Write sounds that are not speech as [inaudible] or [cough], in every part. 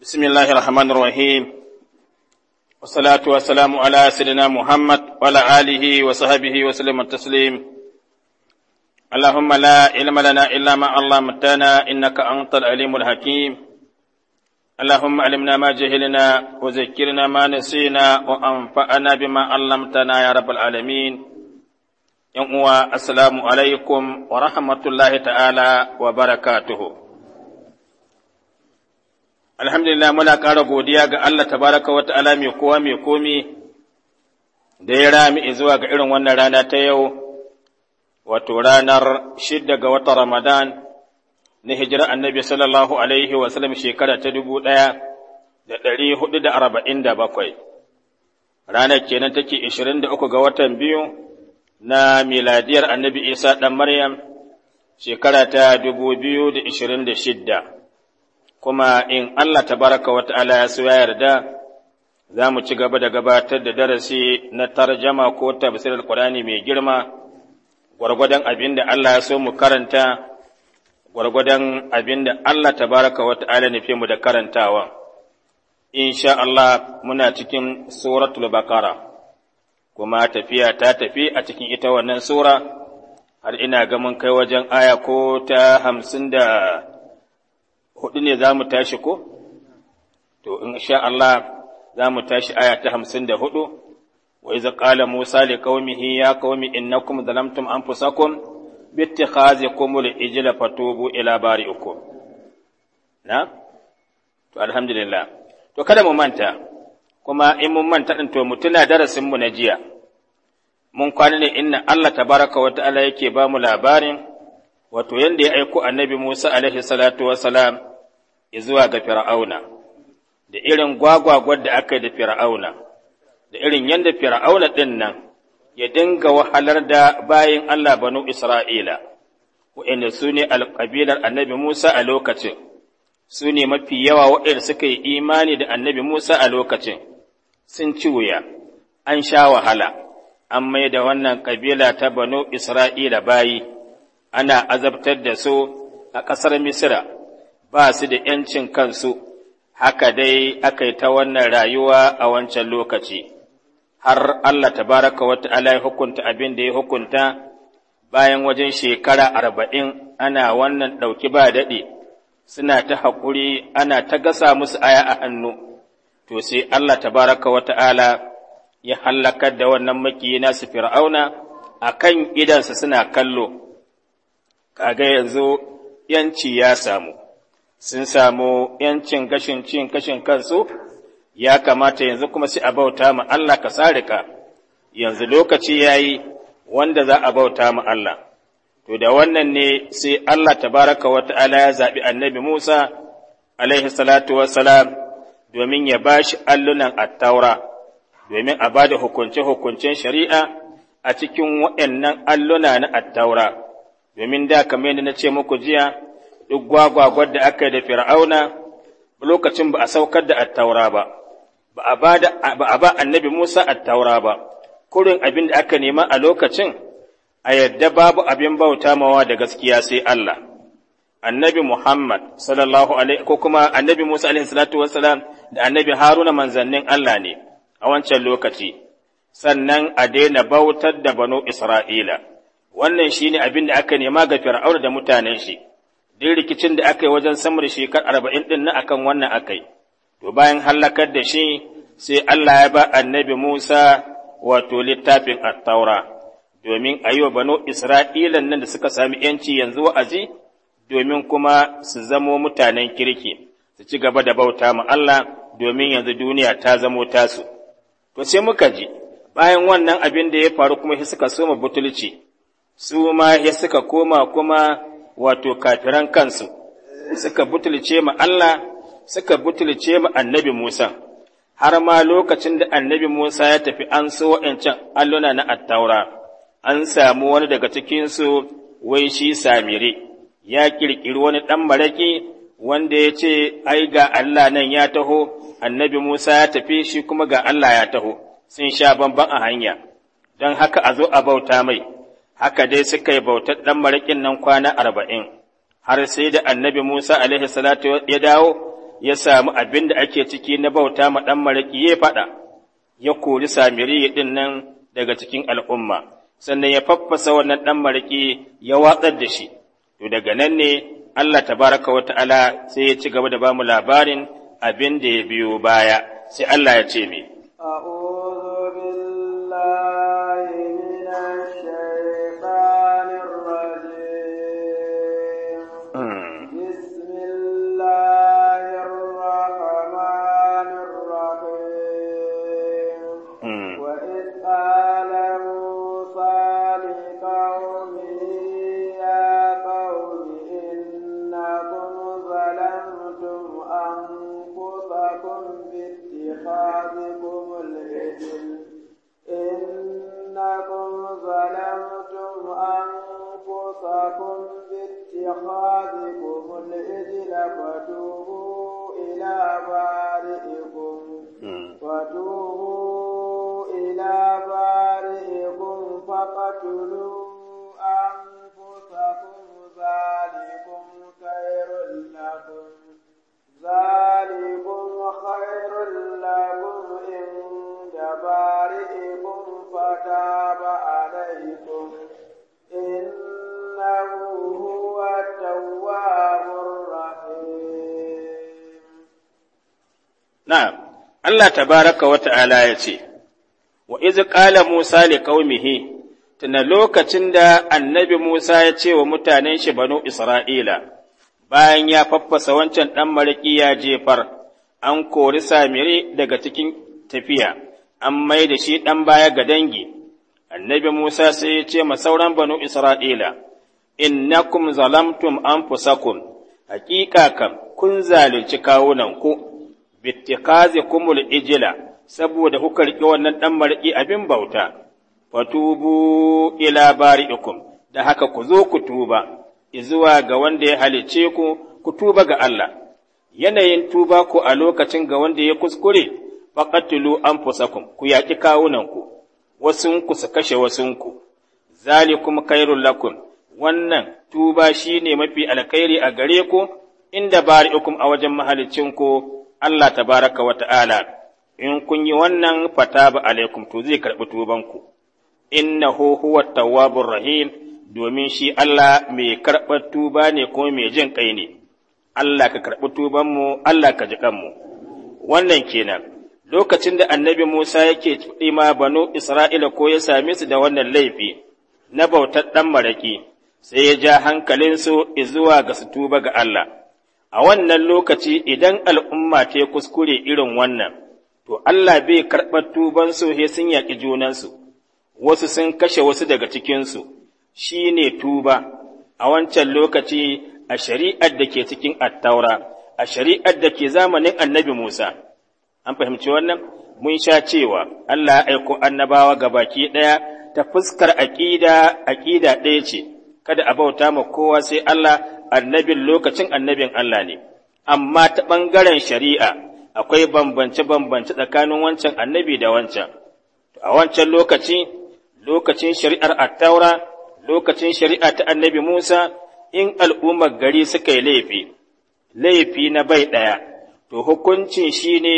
بسم الله الرحمن الرحيم والصلاة والسلام على سيدنا محمد وعلى آله وصحبه وسلم التسليم اللهم لا علم لنا إلا ما علمتنا إنك أنت العليم الحكيم اللهم علمنا ما جهلنا وذكرنا ما نسينا وأنفعنا بما علمتنا يا رب العالمين يوم السلام عليكم ورحمة الله تعالى وبركاته alhamdulillah muna ƙara godiya ga Allah tabaraka wa ta'ala mai kowa mai komi da ya rami zuwa ga irin wannan rana ta yau wato ranar shidda ga wata Ramadan na hijira annabi sallallahu alaihi wa sallam shekara ta dubu ɗaya da ɗari hudu da arba'in da bakwai ranar kenan take ishirin da uku ga watan biyu na miladiyar annabi isa ɗan maryam shekara ta dubu biyu da ishirin da shidda kuma in Allah baraka wa ta'ala ya so ya yarda za mu ci gaba da gabatar da darasi na tarjama ko tafsir alqur'ani mai girma gwargwadon abin da Allah ya so mu karanta gwargwadon abin da Allah baraka wa ta'ala nufi mu da karantawa insha Allah muna cikin suratul bakara kuma tafiya ta tafi a cikin ita wannan sura har ina ga mun kai wajen aya ko ta hamsin da hudu ne za mu tashi ko? To, in sha Allah za mu tashi aya ta hamsin da hudu, wa iza ƙala Musa li qaumihi ya qaumi innakum zalamtum anfusakum bittikhazikum al-ijla fatubu ila uku Na? To alhamdulillah. To kada mu manta kuma in mun manta ɗin to mu darasin mu na jiya. Mun kwana ne inna Allah ta baraka wa ta'ala yake ba mu labarin wato yanda ya aiko annabi Musa alaihi salatu wa salam zuwa ga fir'auna da irin gwagwagwar da aka yi da fir'auna da irin yadda fir'auna din nan ya dinga wahalar da bayin Allah banu Isra'ila waɗanda su ne alƙabilar annabi Musa a lokacin su ne mafi yawa waɗanda suka yi imani da annabi Musa a lokacin sun ci wuya an sha wahala an mai da wannan ƙabila ta banu Isra'ila bayi, ana azabtar da su a ƙasar Misira, ba su da ‘yancin kansu, haka dai aka yi ta wannan rayuwa a wancan lokaci, har Allah tabaraka baraka ta'ala ya hukunta abin da ya hukunta bayan wajen shekara arba'in ana wannan ɗauki ba daɗi, suna ta haƙuri ana ta gasa musu aya a hannu, to sai Allah baraka wata ala ya hallakar da wannan maki nasu fir'auna a kan idansa suna kallo, kaga yanzu ‘yanci ya samu. sun samu ‘yancin gashin cin kashin kansu, ya kamata yanzu kuma sai a bauta ma Allah ka ka. yanzu lokaci ya yi wanda za a bauta ma Allah. To, da wannan ne sai Allah ta baraka wa ta'ala ya zaɓi annabi Musa, alaihi salatu wassalam, domin ya ba shi allunan attaura, domin a ba da hukunce-hukuncen shari'a a cikin waɗannan alluna na attaura, domin da kamar yadda na ce muku jiya, duk gwagwagwar da aka yi da fir'auna lokacin ba a saukar da attaura ba ba a ba annabi Musa attaura ba kurin abin da aka nema a lokacin a yadda babu abin bauta mawa da gaskiya sai Allah annabi Muhammad sallallahu alaihi ko kuma annabi Musa alaihi salatu wassalam da annabi Haruna manzannin Allah ne a wancan lokaci sannan a daina bautar da banu Isra'ila wannan shine abin da aka nema ga Fir'auna da mutanen shi duk rikicin da aka yi wajen sama da shekar arba'in ɗin na akan wannan akai, to bayan hallakar da shi sai Allah ya ba annabi Musa wato littafin attaura, domin a yi wa bano Isra'ilan nan da suka sami ‘yanci yanzu wa'azi, domin kuma su zamo mutanen kirki, su ci gaba da bauta ma Allah domin yanzu duniya ta zamo tasu. To sai muka ji, bayan wannan abin da ya faru kuma suka soma butulci, su ma ya suka koma kuma wato kafiran kansu suka butulce ma Allah suka butulce ma annabi Musa har ma lokacin da annabi Musa ya tafi an so wa'ancan alluna na attaura an samu wani daga cikinsu wai shi samiri ya ƙirƙiri wani ɗan maraƙi wanda ya ce ai ga Allah nan ya taho annabi Musa ya tafi shi kuma ga Allah ya taho sun sha bamban a hanya don haka a zo a bauta mai haka dai suka yi bautar ɗan maraƙin nan kwana arba'in, har sai da annabi Musa alaihi salatu ya dawo, ya samu abin da ake ciki na bauta ma ɗan maraƙi ya faɗa, ya kori samiri ɗin nan daga cikin al'umma, sannan ya faffasa wannan ɗan maraƙi ya watsar da shi, to daga nan ne Allah tabaraka wa ta'ala sai ya ci gaba da bamu labarin abin da ya biyo baya, sai Allah ya ce me. a'udhu billahi اتخاذكم الإذل فتوبوا إلى بارئكم فتوبوا إلى بارئكم فقتلوا أنفسكم ذلكم خير لكم ذلكم خير لكم عند بارئكم فتاب Allah tabaraka wa ta'ala ya ce, Wa izi ƙala Musa li ƙaumihi, tuna lokacin da annabi Musa ya ce wa mutanen shi banu Isra'ila, bayan ya faffasa wancan ɗan mariki ya jefar, an kori samiri daga cikin tafiya, an mai da shi ɗan baya ga dangi, annabi Musa sai ya ce ma sauran banu Isra'ila, innakum zalamtum an fusakun, hakika kam kun zalunci kawunanku. bittikazi kumul ijila saboda kuka riƙe wannan ɗan marƙi abin bauta fatubu ila bari'ikum da haka ku zo ku tuba zuwa ga wanda ya halice ku ku tuba ga Allah yanayin tuba ku a lokacin ga wanda ya kuskure faqatulu anfusakum ku yaki kawunanku ku su kashe wasunku zalikum khairul lakum wannan tuba shine mafi alkhairi a gare ku inda bari'ikum a wajen ku Allah Ta baraka wa ta'ala, in kun yi wannan fata ba alaikum to zai karɓi tubanku, na huwa tawabur rahim domin shi Allah mai karɓar tuba ne ko mai jin ƙai ne, Allah ka karɓi tubanmu, Allah ka ji kanmu. Wannan kenan, lokacin da annabi Musa yake ma banu Isra'ila ko ya same su da wannan laifi na bautar ɗan maraƙi, sai ya ja hankalinsu zuwa ga su tuba ga Allah. a wannan lokaci idan al'umma ta kuskure irin wannan, to Allah bai karɓar tubansu sai sun yaƙi junansu, wasu sun kashe wasu daga cikinsu, shi ne tuba a wancan lokaci a shari'ar da ke cikin attaura, a shari'ar da ke zamanin annabi Musa. An fahimci wannan? Mun sha cewa Allah ya aiko annabawa ga baki ɗaya ta fuskar aƙida, aƙida ɗaya ce, kada a bauta ma kowa sai Allah annabin lokacin annabin Allah ne, amma ta ɓangaren shari'a akwai bambance-bambance tsakanin wancan annabi da wancan. A wancan lokaci, lokacin shari'ar attaura, lokacin shari'a ta annabi Musa, in al'ummar gari suka yi laifi, laifi na bai ɗaya, to hukuncin shi ne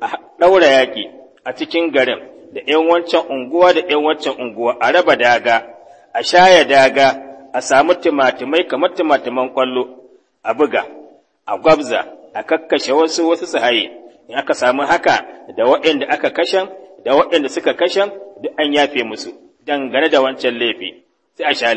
a ɗaura yaƙi a cikin garin da ‘yan wancan unguwa da ‘yan wancan unguwa a raba daga, a shaya daga, a samu timatimai kamar timatiman kwallo a buga a gwabza a kakkashe wasu wasu su haye in aka samu haka da waɗanda aka kashen da waɗanda suka kashen duk an yafe musu dangane da wancan laifi sai a sha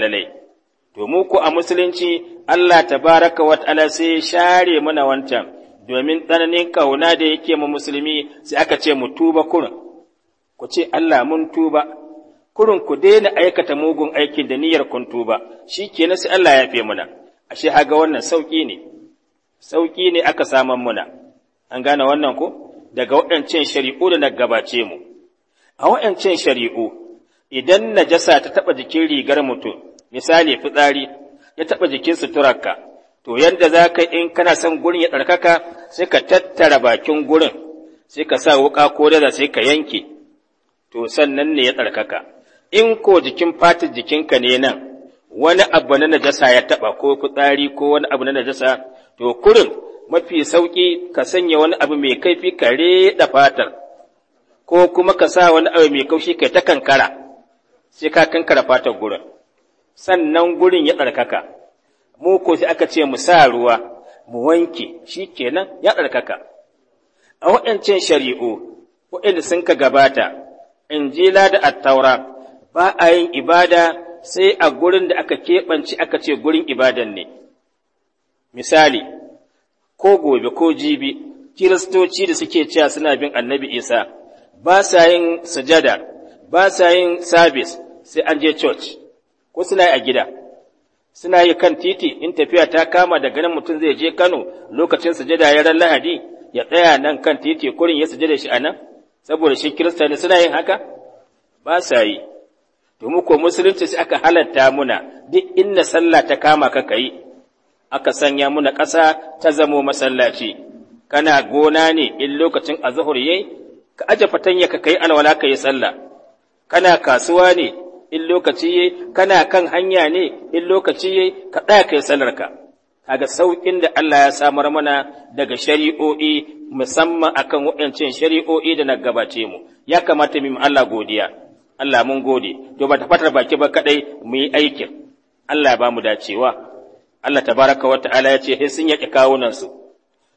to mu ko a musulunci Allah ta baraka wa ta'ala sai ya share mana wancan domin tsananin kauna da yake mu musulmi sai aka ce mu tuba kurin ku ce Allah mun tuba Kurin ku daina aikata mugun aikin da niyyar kun tuba shikenan sai Allah ya fi muna ashe haga wannan sauki ne sauki ne aka saman muna an gane wannan ku? daga waɗancan shari'u da na gabace mu a waɗancan shari'u idan najasa ta taɓa jikin rigar mutum misali fitsari ya taɓa jikin suturarka to yadda za ka in kana son gurin ya ɗarkaka sai ka tattara bakin gurin sai ka sa wuƙa ko da sai ka yanke to sannan ne ya ɗarkaka in ko jikin fatar jikinka ne nan wani abu na najasa ya taba ko fitsari ko wani abu na najasa to kurin mafi sauki ka sanya wani abu mai kaifi ka reda fatar ko kuma ka sa wani abu mai kaushi kai ta kankara sai ka kankara fatar gurin sannan gurin ya tsarkaka mu ko sai aka ce mu sa ruwa mu wanke shikenan ya tsarkaka a waɗancan shari'u waɗanda sun ka gabata injila da attaura ba a yin ibada sai a gurin da aka keɓance aka ce gurin ibadan ne. Misali, ko gobe ko jibi, kiristoci da suke cewa suna bin annabi Isa, ba sa yin sujada, ba sa yin sabis sai an je church, ko suna a gida. Suna yi kan titi in tafiya ta kama daga nan mutum zai je Kano lokacin sujada ya ran Lahadi ya tsaya nan kan titi kurin ya sajada shi a nan, saboda shi kirista ne suna yin haka? Ba sa yi. domin ko musulunci sai aka halatta muna duk inda sallah ta kama ka kai aka sanya muna ƙasa ta zamo masallaci kana gona ne in lokacin azhur yayi ka aje fatanya ka kai alwala ka yi sallah kana kasuwa ne in lokaci yayi kana kan hanya ne in lokaci yayi ka tsaya kai sallarka kaga saukin da Allah ya samar mana daga shari'o'i musamman akan waɗancan shari'o'i da na gabace mu ya kamata mu Allah godiya Allah mun gode to ba ta fatar baki ba kadai mu yi aikin Allah ba mu dacewa Allah ta baraka wa ta'ala ya ce sai sun yaƙi kawunan su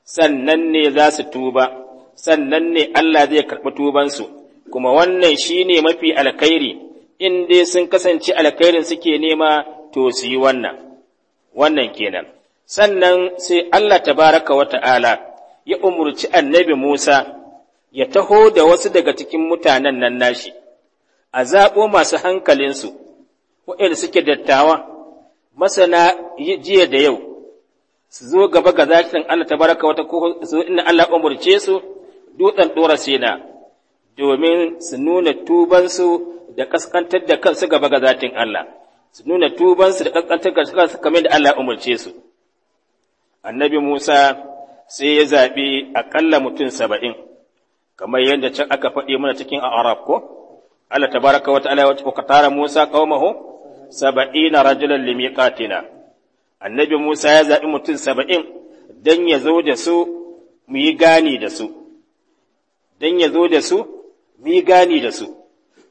sannan ne za su tuba sannan ne Allah zai karɓi tubansu kuma wannan shine mafi alkhairi in dai sun kasance alkhairin suke nema to su yi wannan wannan kenan sannan sai Allah ta baraka wa ta'ala ya umurci annabi Musa ya taho da wasu daga cikin mutanen nan nashi a zaɓo masu hankalinsu waɗanda suke dattawa masana jiya da yau su zo gaba ga zakin Allah ta baraka wata ko su inda Allah umurce su dutsen ɗora sena domin su nuna tubansu da kaskantar da kansu gaba ga zatin Allah su nuna tubansu da kaskantar da kansu kamar da Allah umurce su annabi Musa sai ya zaɓi aƙalla mutum saba'in kamar yadda can aka faɗi mana cikin Arab ko Allah tabaraka wa ta'ala wa tara Musa qaumahu 70 rajulan limiqatina annabi Musa ya zabi mutum 70 dan ya zo da su mu yi gani da su dan ya zo da su mu yi gani da su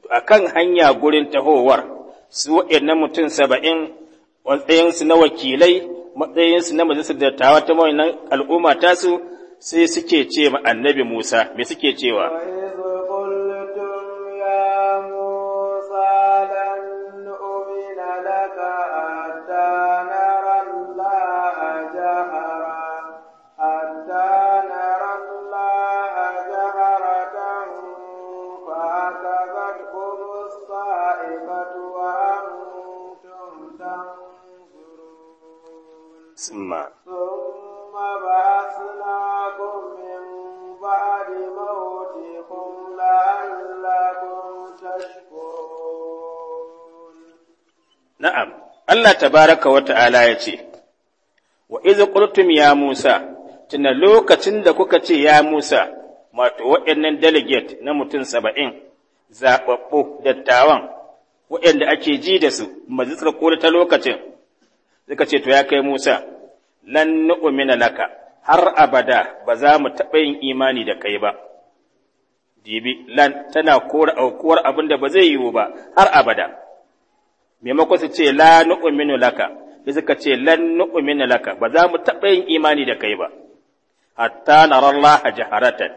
To akan hanya gurin tahowar su waɗannan mutum 70 su na wakilai su na majalisar dattawa ta wannan al'umma tasu sai suke ce ma annabi Musa me suke cewa tsimma. Na’am, Allah من بعد موتكم لعلكم تشكرون نعم الله تبارك ya musa tuna lokacin da kuka ce ya Musa, Mato waɗannan delegate na mutum saba'in, zaɓaɓɓu dattawan, waɗanda ake ji da su, majalisar kula ta lokacin, suka ce to ya kai Musa, lan nu'mina laka har abada ba za mu taɓa yin imani da kai ba dibi lan tana kora aukuwar abinda ba zai yiwu ba har abada maimakon su ce la nu'minu laka sai suka ce lan nu'mina laka ba za mu taɓa yin imani da kai ba hatta narallaha jaharatan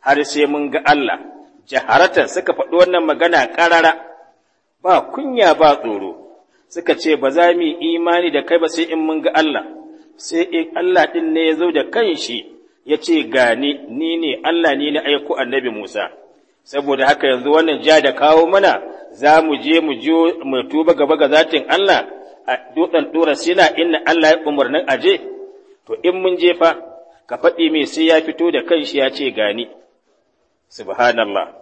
har sai mun ga Allah jaharatan suka faɗi wannan magana ƙarara ba kunya ba tsoro suka ce ba za mu yi imani da kai ba sai in mun ga Allah sai in Allah ɗin ne ya zo da kanshi ya ce gani ni ne Allah ni na aiko annabi Musa saboda haka yanzu wannan ja da kawo mana za mu je mu je mu tuba gaba ga zatin Allah a dutsen dora sina inna Allah ya umarnin aje to in mun je fa ka faɗi mai sai ya fito da kanshi ya ce gani subhanallah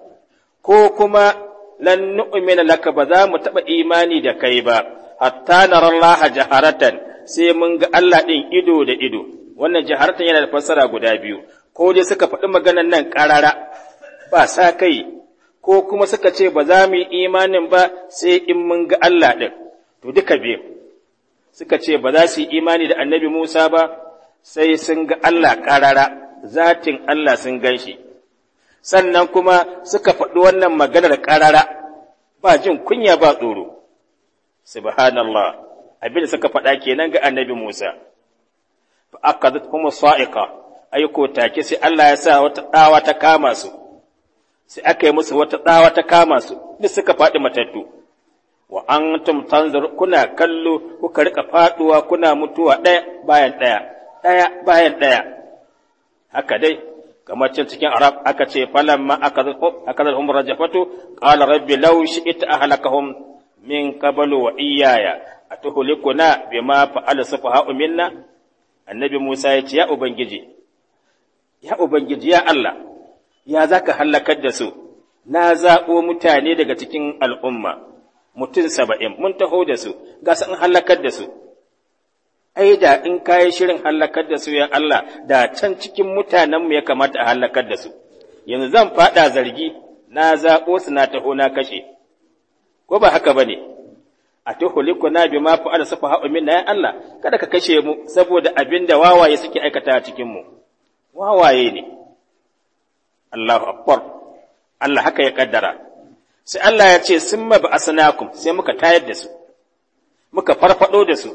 ko kuma lan nu'mina laka ba za mu taɓa imani da kai ba hatta narallaha jaharatan sai mun ga Allah ɗin ido da ido wannan jaharatan yana da fassara guda biyu ko dai suka faɗi maganan nan ƙarara ba sa kai ko kuma suka ce ba za mu yi imanin ba sai in mun ga Allah ɗin to duka biyu suka ce ba za su yi imani da annabi Musa ba sai sun ga Allah ƙarara zatin Allah sun gan shi sannan kuma suka faɗi wannan maganar ƙarara ba jin kunya ba tsoro subhanallah abin da suka faɗa kenan ga annabi Musa fa akazat kuma sa'iqa ko take sai Allah ya sa wata tsawa ta kama su sai aka yi musu wata tsawa ta kama su duk suka faɗi matattu wa antum tanzur kuna kallo kuka riƙa faduwa kuna mutuwa ɗaya bayan ɗaya ɗaya bayan ɗaya haka dai kamar can cikin arab aka ce falamma akazar umar jafatu qala rabbi law shi'ta ahlakahum min qablu wa iyaya a tuhulikuna bi ma fa'ala sufaha minna annabi Musa ya ce ya ubangiji ya ubangiji ya Allah ya zaka halakar da su na zaɓo mutane daga cikin al'umma mutum saba'in mun taho da su ga san halakar da su ai da in kayi shirin halakar da su ya Allah da can cikin mutanenmu ya kamata a halakar da su yanzu zan faɗa zargi na zaɓo su na taho na kashe ko ba haka ba ne a tuhlikuna bima fa'ala safaha'u minna ya Allah kada ka kashe mu saboda abinda wawaye suke aikata a cikin mu wawaye ne Allahu akbar Allah haka ya kaddara sai Allah ya ce summa asnakum sai muka tayar da su muka farfado da su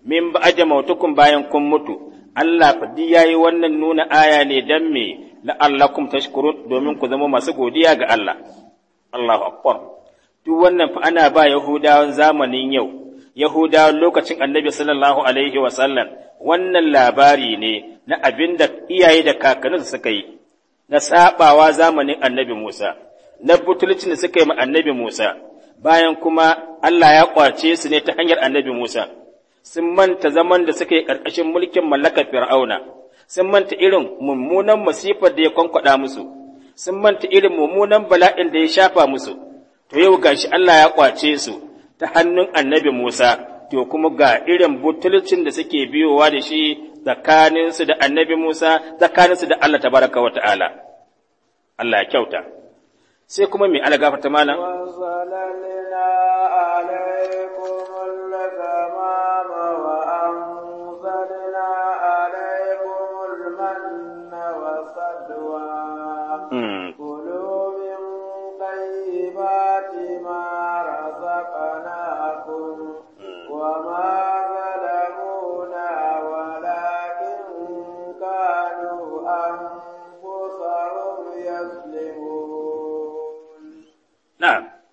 min aje mautukum bayan kun mutu Allah fadi yayi wannan nuna aya ne dan me la'allakum tashkurun domin ku zama masu godiya ga Allah Allahu akbar duk wannan fa ana ba yahudawan zamanin yau yahudawan lokacin annabi sallallahu alaihi wa wannan labari ne na abinda iyaye da kakanninsu suka yi na sabawa zamanin annabi Musa na butulcin da suka yi ma annabi Musa bayan kuma Allah ya kwace su ne ta hanyar annabi Musa sun manta zaman da suka yi ƙarƙashin mulkin mallakar Fir'auna, sun manta irin mummunan masifar da ya kwankwaɗa musu, sun manta irin mummunan bala'in da ya shafa musu, to yau gashi Allah ya kwace su ta hannun annabi Musa to kuma ga irin butulcin da suke biyowa da shi tsakaninsu da annabi Musa tsakaninsu da Allah tabaraka wa ta'ala Allah ya kyauta sai kuma mai algafarta malam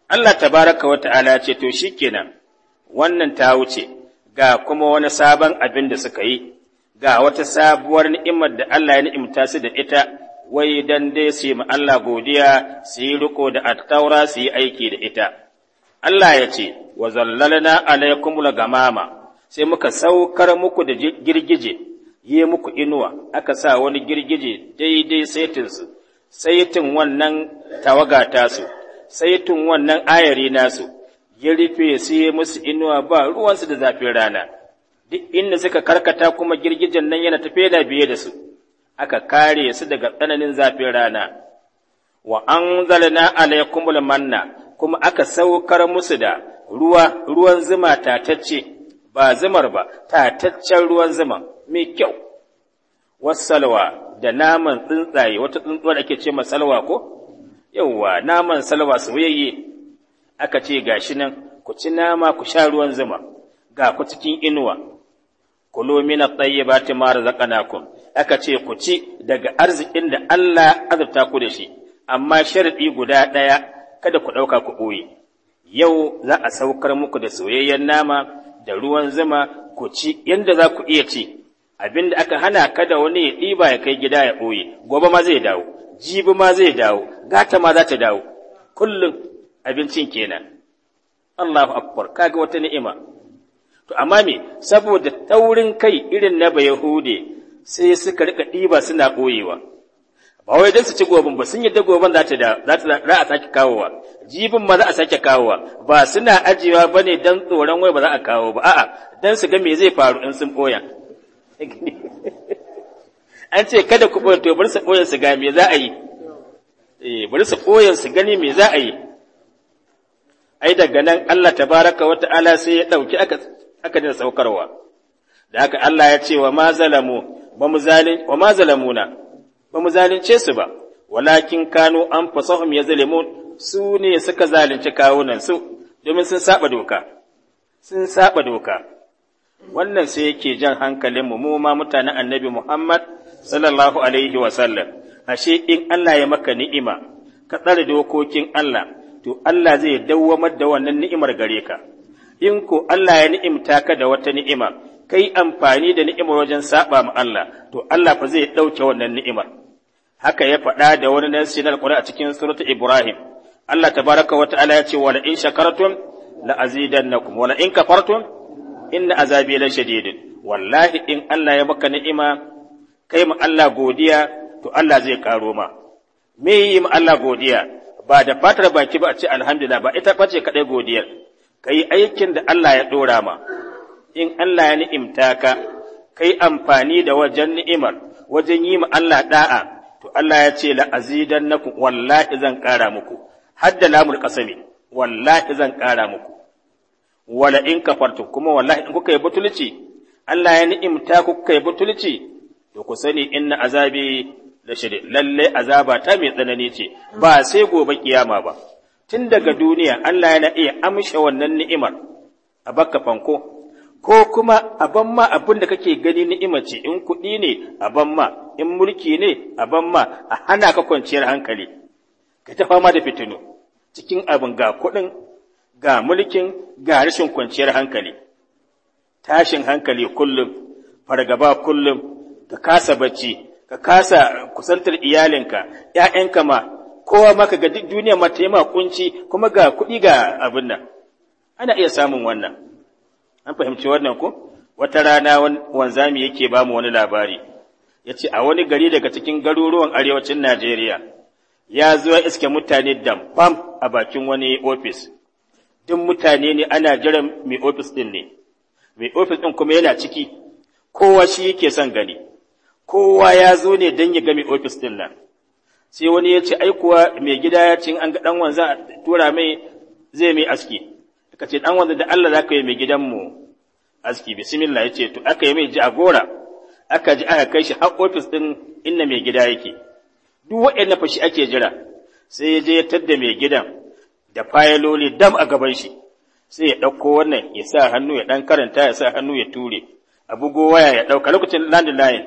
Allah tabaraka wa ta'ala ce to shikenan wannan ta wuce ga kuma wani sabon abin da suka yi ga wata sabuwar ni'imar da Allah ya ni'imta su da ita wai dan dai su yi Allah godiya su yi riko da taura su yi aiki da ita Allah ya ce wa zallalna alaikum gamama sai muka saukar muku da girgije yi muku inuwa aka sa wani girgije daidai saitinsu saitin wannan tawaga tasu sai tun wannan ayari nasu ya rufe su ya musu inuwa ba ruwansu da zafin rana duk inda suka karkata kuma girgijen nan yana tafe da biye da su aka kare su daga tsananin zafin rana wa an anzalna alaykumul manna kuma aka saukar musu da ruwa ruwan zuma tatacce ba zumar ba tataccen ruwan zuma mai kyau wasalwa da naman tsuntsaye wata tsuntsuwa da ake ce masalwa ko yauwa naman salwa soyayye aka ce ga shi nan ku ci nama ku sha ruwan zuma ga ku cikin inuwa kulu min at-tayyibati ma razaqnakum aka ce ku ci daga arzikin da Allah azurta ku da shi amma sharadi guda ɗaya, kada ku ɗauka ku ɓoye, yau za a saukar muku da soyayyen nama da ruwan zuma ku ci yadda za ku iya ci abinda aka hana kada wani ya ɗiba ya kai gida ya ɓoye gobe ma zai dawo jibi ma zai dawo gata ma za ta dawo kullum abincin kenan Allahu akbar kaga wata ni'ima to amma me saboda taurin kai irin na bayahude sai suka rika ɗiba suna ɓoyewa ba wai don su ci gobin ba sun yadda gobin da za ta za a sake kawowa jibin ma za a sake kawowa ba suna ajiyewa ba ne don tsoron wai ba za a kawo ba a'a don su ga me zai faru in sun ɓoya [laughs] an ce kada ku ɓoye to bari su ɓoye su ga me za a yi eh bari su ɓoye su gani me za a yi ai daga nan Allah tabaraka wa ta'ala sai ya ɗauki aka aka da saukarwa da haka Allah ya ce wa ma zalamu ba mu zalin wa ma zalamuna ba mu zalunce su ba walakin kanu an fasahum ya zalimun su ne suka zalunci kawunan su domin sun saba doka sun saba doka wannan sai yake jan hankalin mu mu ma mutanen annabi Muhammad sallallahu alaihi wa sallam ashe in Allah ya maka ni'ima ka tsare dokokin Allah to Allah zai dawwamar da wannan ni'imar gare ka in ko Allah ya ni'imta ka da wata ni'ima kai amfani da ni'imar wajen saba ma Allah to Allah fa zai dauke wannan ni'imar haka ya faɗa da wani nasi na alƙur'ani a cikin suratul Ibrahim Allah tabaraka wa ta'ala ya ce wa la in shakartum la azidannakum wa la in kafartum inna azabi la wallahi in Allah ya maka ni'ima kai ma Allah godiya to Allah zai karo ma me yi ma Allah godiya ba da fatar baki ba a ce alhamdulillah ba ita bace kadai godiyar kai aikin da Allah ya dora ma in Allah ya ni'imta ka kai amfani da wajen ni'imar wajen yi ma Allah da'a to Allah ya ce la azidannakum wallahi zan kara muku hadda lamul qasami wallahi zan kara muku wala in kafartu kuma wallahi in kuka yi butulci Allah ya ni'imta kuka yi butulci da ku sani inna azabi da shiri lalle azaba ta mai tsanani ce ba sai gobe kiyama ba tun daga duniya Allah yana iya amshe wannan ni'imar a baka fanko ko kuma a ban ma abin da kake gani ni'ima ce in kuɗi ne a ban in mulki ne a ban a hana ka kwanciyar hankali ka ta fama da fitinu cikin abin ga kuɗin ga mulkin ga rashin kwanciyar hankali tashin hankali kullum fargaba kullum ka kasa bacci ka kasa kusantar iyalinka ‘ya'yanka ma kowa maka ga duk duniya ma ta yi kunci kuma ga kuɗi ga abin nan ana iya samun wannan an fahimci wannan ko wata rana wanzami yake ba mu wani labari ya ce a wani gari daga cikin garuruwan arewacin najeriya ya zuwa iske mutane damfam a bakin wani ofis duk mutane ne ana jiran mai ofis ɗin ne mai ofis ɗin kuma yana ciki kowa shi yake son gani kowa ya zo ne don ya gami ofis ɗin nan sai wani ya ce aikuwa mai gida ya ce an ga ɗan wanzan tura mai zai mai aski ka ce ɗan wanzan da Allah za ka yi mai gidanmu aski bismillah ya ce to aka yi mai ji a gora aka ji aka kai shi har ofis ɗin inda mai gida yake duk waɗanda fashi ake jira sai ya je ya tadda mai gidan da fayaloli dam a gaban shi sai ya ɗauko wannan ya sa hannu ya ɗan karanta ya sa hannu ya ture a bugo ya ɗauka lokacin landline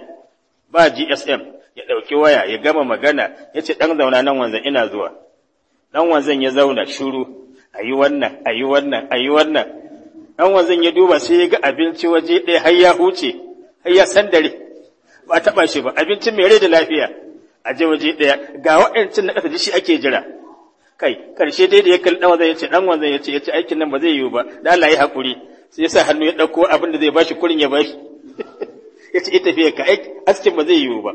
ba GSM ya ɗauki waya ya gama magana ya ce ɗan zauna nan wanzan ina zuwa ɗan wanzan ya zauna shuru a yi wannan a yi wannan a yi wannan ɗan wanzan ya duba sai ya ga abinci waje ɗaya har ya huce har ya sandare ba a taɓa shi ba abinci mai rai da lafiya a je waje ɗaya ga waɗancan na ƙasa shi ake jira kai karshe dai da ya kalli ɗan wanzan ya ce ɗan wanzan ya ce aikin nan ba zai yiwu ba da Allah ya haƙuri sai ya sa hannu ya ɗauko abin da zai bashi kurin ya bashi ya ce ita fiye ka askin ba zai yiwu ba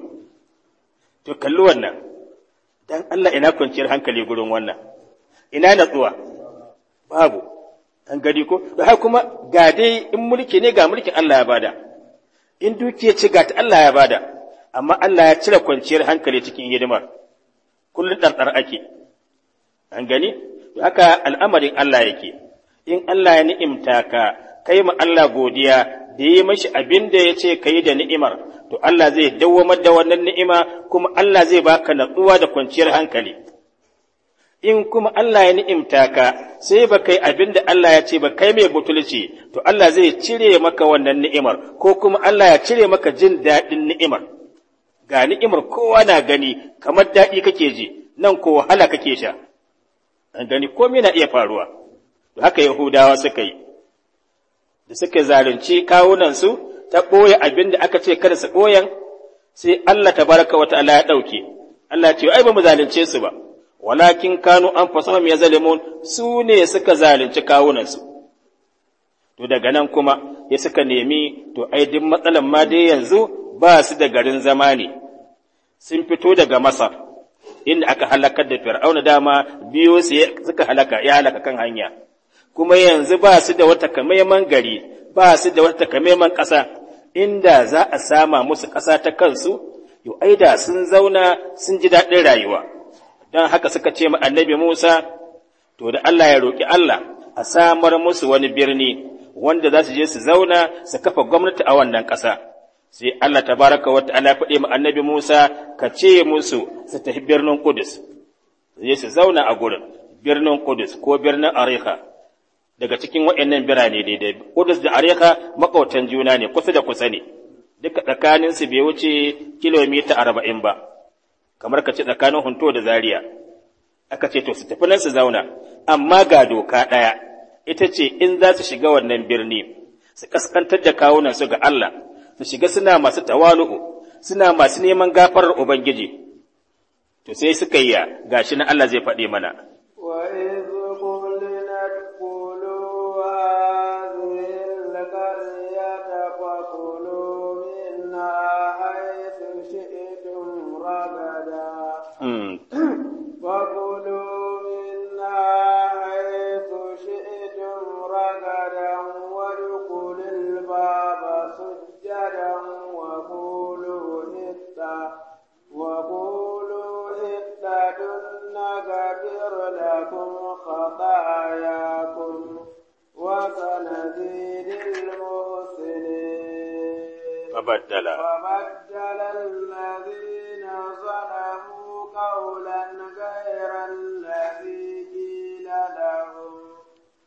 to kalli wannan dan Allah ina kwanciyar hankali gurin wannan ina natsuwa babu an gari ko da haka kuma ga dai in mulki ne ga mulkin Allah ya bada in dukiya ce ga ta Allah ya bada amma Allah ya cire kwanciyar hankali cikin hidimar kullun ɗarɗar ake an gani haka al'amarin Allah yake in Allah ya ni'imta ka kai ma Allah godiya da ya yi mashi abin da ya ce ka yi da ni'imar, to Allah zai dawwamar da wannan ni'ima kuma Allah zai baka natsuwa da kwanciyar hankali. In kuma Allah ya ni'imta ka sai ba kai abin da Allah ya ce ba kai mai butulci, to Allah zai cire maka wannan ni'imar, ko kuma Allah ya cire maka jin daɗin ni'imar. Ga ni'imar kowa na gani kamar daɗi kake ji, nan ko wahala kake sha. An gani komai na iya faruwa, haka Yahudawa suka yi. da suka zalunci kawunansu ta ɓoye abin da aka ce kada su ɓoyen sai Allah ta baraka wata ala ya ɗauke Allah ce ai ba mu zalunce su ba walakin kanu an fasahum ya zalimun su ne suka zalunci kawunansu to daga nan kuma ya suka nemi to ai duk matsalan ma dai yanzu ba su da garin zama ne sun fito daga Masar inda aka halakar da Fir'auna dama biyu su suka halaka ya halaka kan hanya kuma yanzu ba su da wata kamaiman gari ba su da wata kamaiman ƙasa inda za a sama musu ƙasa ta kansu yau aida sun zauna sun ji daɗin rayuwa don haka suka ce ma annabi Musa to da Allah ya roƙi Allah a samar musu wani birni wanda za su je su zauna su kafa gwamnati a wannan ƙasa. Sai Allah ta baraka wata ala faɗi ma annabi Musa ka ce musu su tafi birnin Kudus, su je su zauna a gurin birnin Kudus ko birnin arika daga cikin waɗannan birane daidai Kudus da Areka makautan juna ne kusa da kusa ne duka tsakanin su bai wuce kilomita arba'in ba kamar ka ce tsakanin Hunto da Zaria aka ce to su tafi nan su zauna amma ga doka ɗaya ita ce in za su shiga wannan birni su kaskantar da kawunan su ga Allah su shiga suna masu tawalu'u suna masu neman gafarar Ubangiji to sai suka yi ya gashi na Allah zai faɗi mana وإياكم وسنزيد المحسنين فبدل فبدل الذين ظلموا قولا غير الذي قيل لهم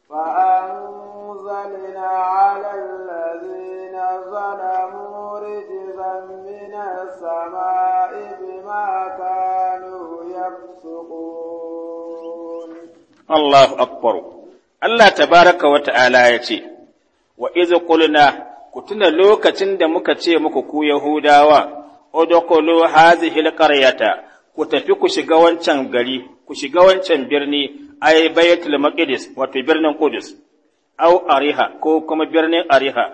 فأنزلنا على الذين ظلموا رجزا من السماء بما كانوا يفسقون Allahu akbar Allah tabaraka wa ta'ala ya ce wa iz ku tuna lokacin da muka ce muku ku Yahudawa udkhulu hazihi alqaryata ku tafi ku shiga wancan gari ku shiga wancan birni ai baitul maqdis wato birnin Qudus au ariha ko kuma birnin ariha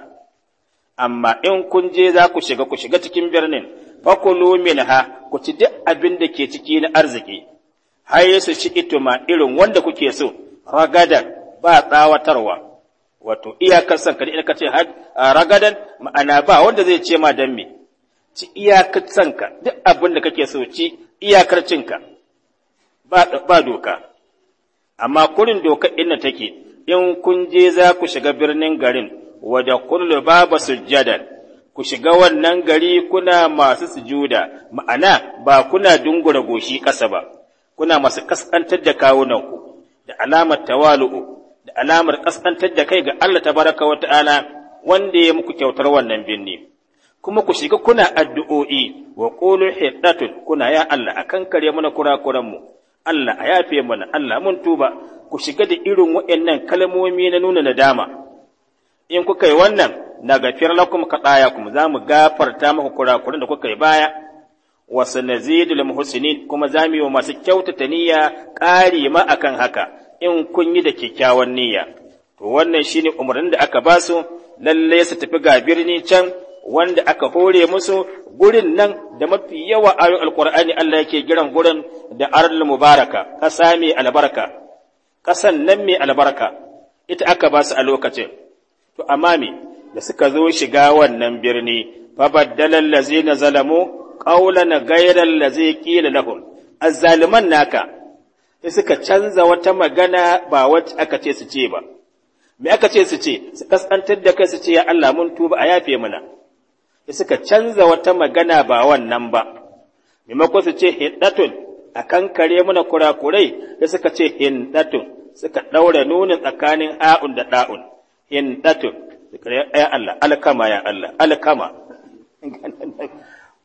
amma in kun je za ku shiga ku shiga cikin birnin fakulu ha ku ci duk abin da ke ciki na arziki ci ituma irin wanda kuke so ragadan ba tsawatarwa wato iyakar san kada ka ce ragadan ma'ana ba wanda zai ce ma dan me ci iyakar sanka duk abin da kake so ci iyakar cinka ba doka amma kurin doka inda take in kun je za ku shiga birnin garin wada kullu babu sujjadan ku shiga wannan gari kuna masu sujuda ma'ana ba kuna dungura goshi ƙasa ba kuna masu kaskantar da kawunanku da alamar tawalu'u da alamar kaskantar da kai ga Allah ta baraka wa ta'ala wanda ya muku kyautar wannan binni kuma ku shiga kuna addu'o'i wa qulu hiddatun kuna ya Allah akan kare mana kurakuran mu Allah a yafe mana Allah mun tuba ku shiga da irin waɗannan kalmomi na nuna nadama in kuka yi wannan na gafiyar lakum kadaya kuma zamu gafarta muku kurakuran da kuka yi baya wa lil muhsinin kuma zamu yi masu kyautata niyya ƙari ma akan haka in kun yi da kyakkyawan niyya to wannan shine umarnin da aka ba su lalle su tafi ga birni can wanda aka hore musu gurin nan da mafi yawa ayoyin alkur'ani Allah yake giran gurin da arlul mubaraka ƙasa mai albarka ƙasan nan mai albarka ita aka ba su a lokacin to amma me da suka zo shiga wannan birni fa baddalal lazina zalamu na qawlan da zai kila lahum azzaliman naka sai suka canza wata magana ba wacce aka ce su ce ba me aka ce su ce su kasantar da kai su ce ya Allah mun tuba a yafe mana sai suka canza wata magana ba wannan ba maimakon su ce hiddatun a kankare mana kurakurai sai suka ce hiddatun suka daura nunin tsakanin a'un da da'un hiddatun ya Allah alkama ya Allah alkama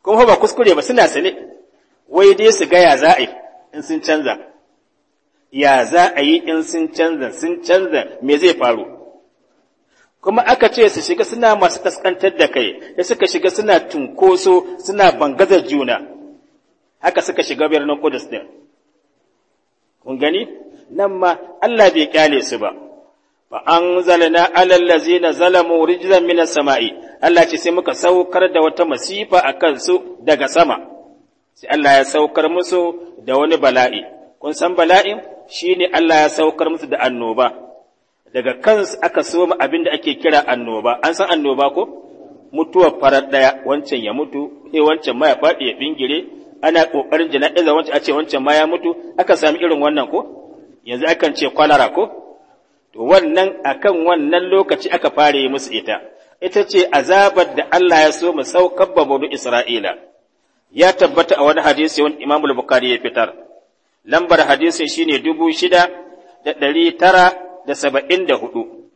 kuma ba kuskure ba suna sane wai dai su ga ya za a yi in sun canza ya za yi in sun canza sun canza me zai faru kuma aka ce su shiga suna masu kaskantar da kai da suka shiga suna tunkoso suna bangazar juna haka suka shiga birnin kudus din kun gani nan ma Allah bai kyale su ba fa anzalna alal na zalamu rijzan minas sama'i Allah ce sai muka saukar da wata masifa akan su daga sama sai Allah ya saukar musu da wani bala'i kun san bala'in shine Allah ya saukar musu da annoba daga kansu aka soma abin da ake kira annoba an san annoba ko mutuwar farar daya wancan ya mutu he wancan ma ya faɗi ya bingire ana kokarin jana'iza wancan a ce wancan ma ya mutu aka sami irin wannan ko yanzu akan ce kwalara ko To wannan akan wannan lokaci aka fare musu ita ita ce azabar da Allah ya so mu saukar ba banu Isra'ila ya tabbata a wani hadisi wani Imam al Bukhari ya fitar lambar hadisin shine dubu shida da da saba'in da hudu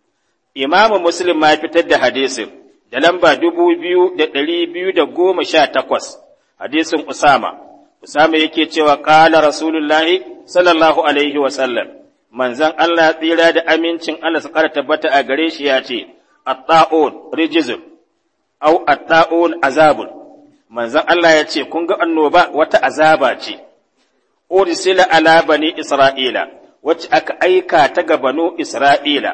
Imam Muslim ma ya fitar da hadisin da lamba dubu ɗari biyu da goma sha takwas hadisin Usama Usama yake cewa qala Rasulullahi sallallahu alaihi wa sallam manzan Allah tsira da amincin Allah su ƙara tabbata a gare shi ya ce, Atta'un rijizun, au atta'un azabun, manzan Allah ya ce, Kun ga annoba wata azaba ce, orisila ala bani Isra'ila, wacce aka aika ta ga banu Isra'ila,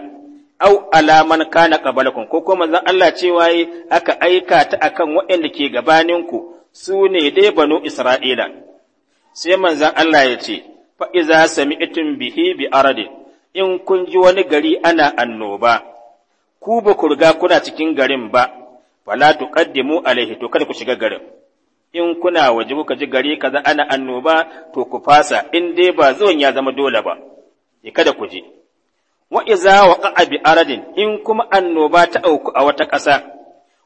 au alaman kana ƙabalakun, ko kuma manzan Allah ce waye aka aika ta akan waɗanda ke gabaninku su ne dai bano Isra'ila. Sai manzan Allah ya ce, fa iza sami'tum bihi bi aradin in kun ji wani gari ana annoba ku ba ku riga kuna cikin garin ba fala tuqaddimu alaihi to kada ku shiga garin in kuna waje kuka ji gari kaza ana annoba to ku fasa in dai ba zuwan ya zama dole ba ki e kada ku je wa iza waqa'a bi aradin in kuma annoba ta auku a wata ƙasa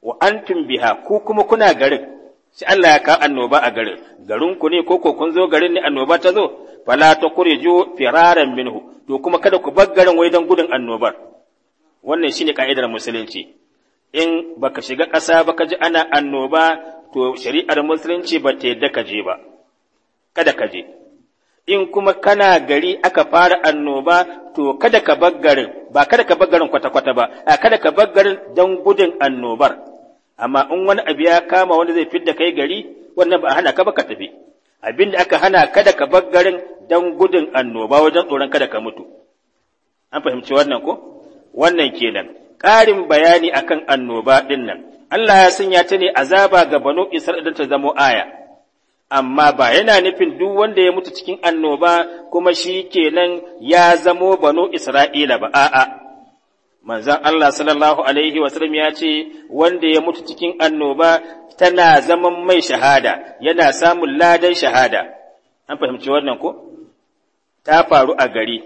wa antum biha ku kuma kuna garin shi Allah ya kawo annoba a garin garin ku ne ko kun zo garin ne annoba ta zo fala ta kuriju firaran minhu to kuma kada ku bar garin wai don gudun annobar wannan shine ka'idar musulunci in baka shiga ƙasa baka ji ana annoba to shari'ar musulunci ba ta yadda ka je ba kada ka je in kuma kana gari aka fara annoba to kada ka bar garin ba kada ka bar garin kwata-kwata ba a kada ka bar garin don gudun annobar amma in wani abu ya kama wanda zai fidda kai gari wannan ba a hana ka ba ka tafi abin da aka hana kada ka bar garin don gudun annoba wajen tsoron kada ka mutu an fahimci wannan ko wannan kenan ƙarin bayani akan annoba ɗin nan Allah ya sanya ta ne azaba ga banu Isra'ila ta zamo aya amma ba yana nufin duk wanda ya mutu cikin annoba kuma shi kenan ya zamo banu Isra'ila ba a'a manzan Allah sallallahu alaihi wasallam ya ce wanda ya mutu cikin annoba tana zaman mai shahada yana samun ladan shahada an fahimci wannan ko ta faru a gari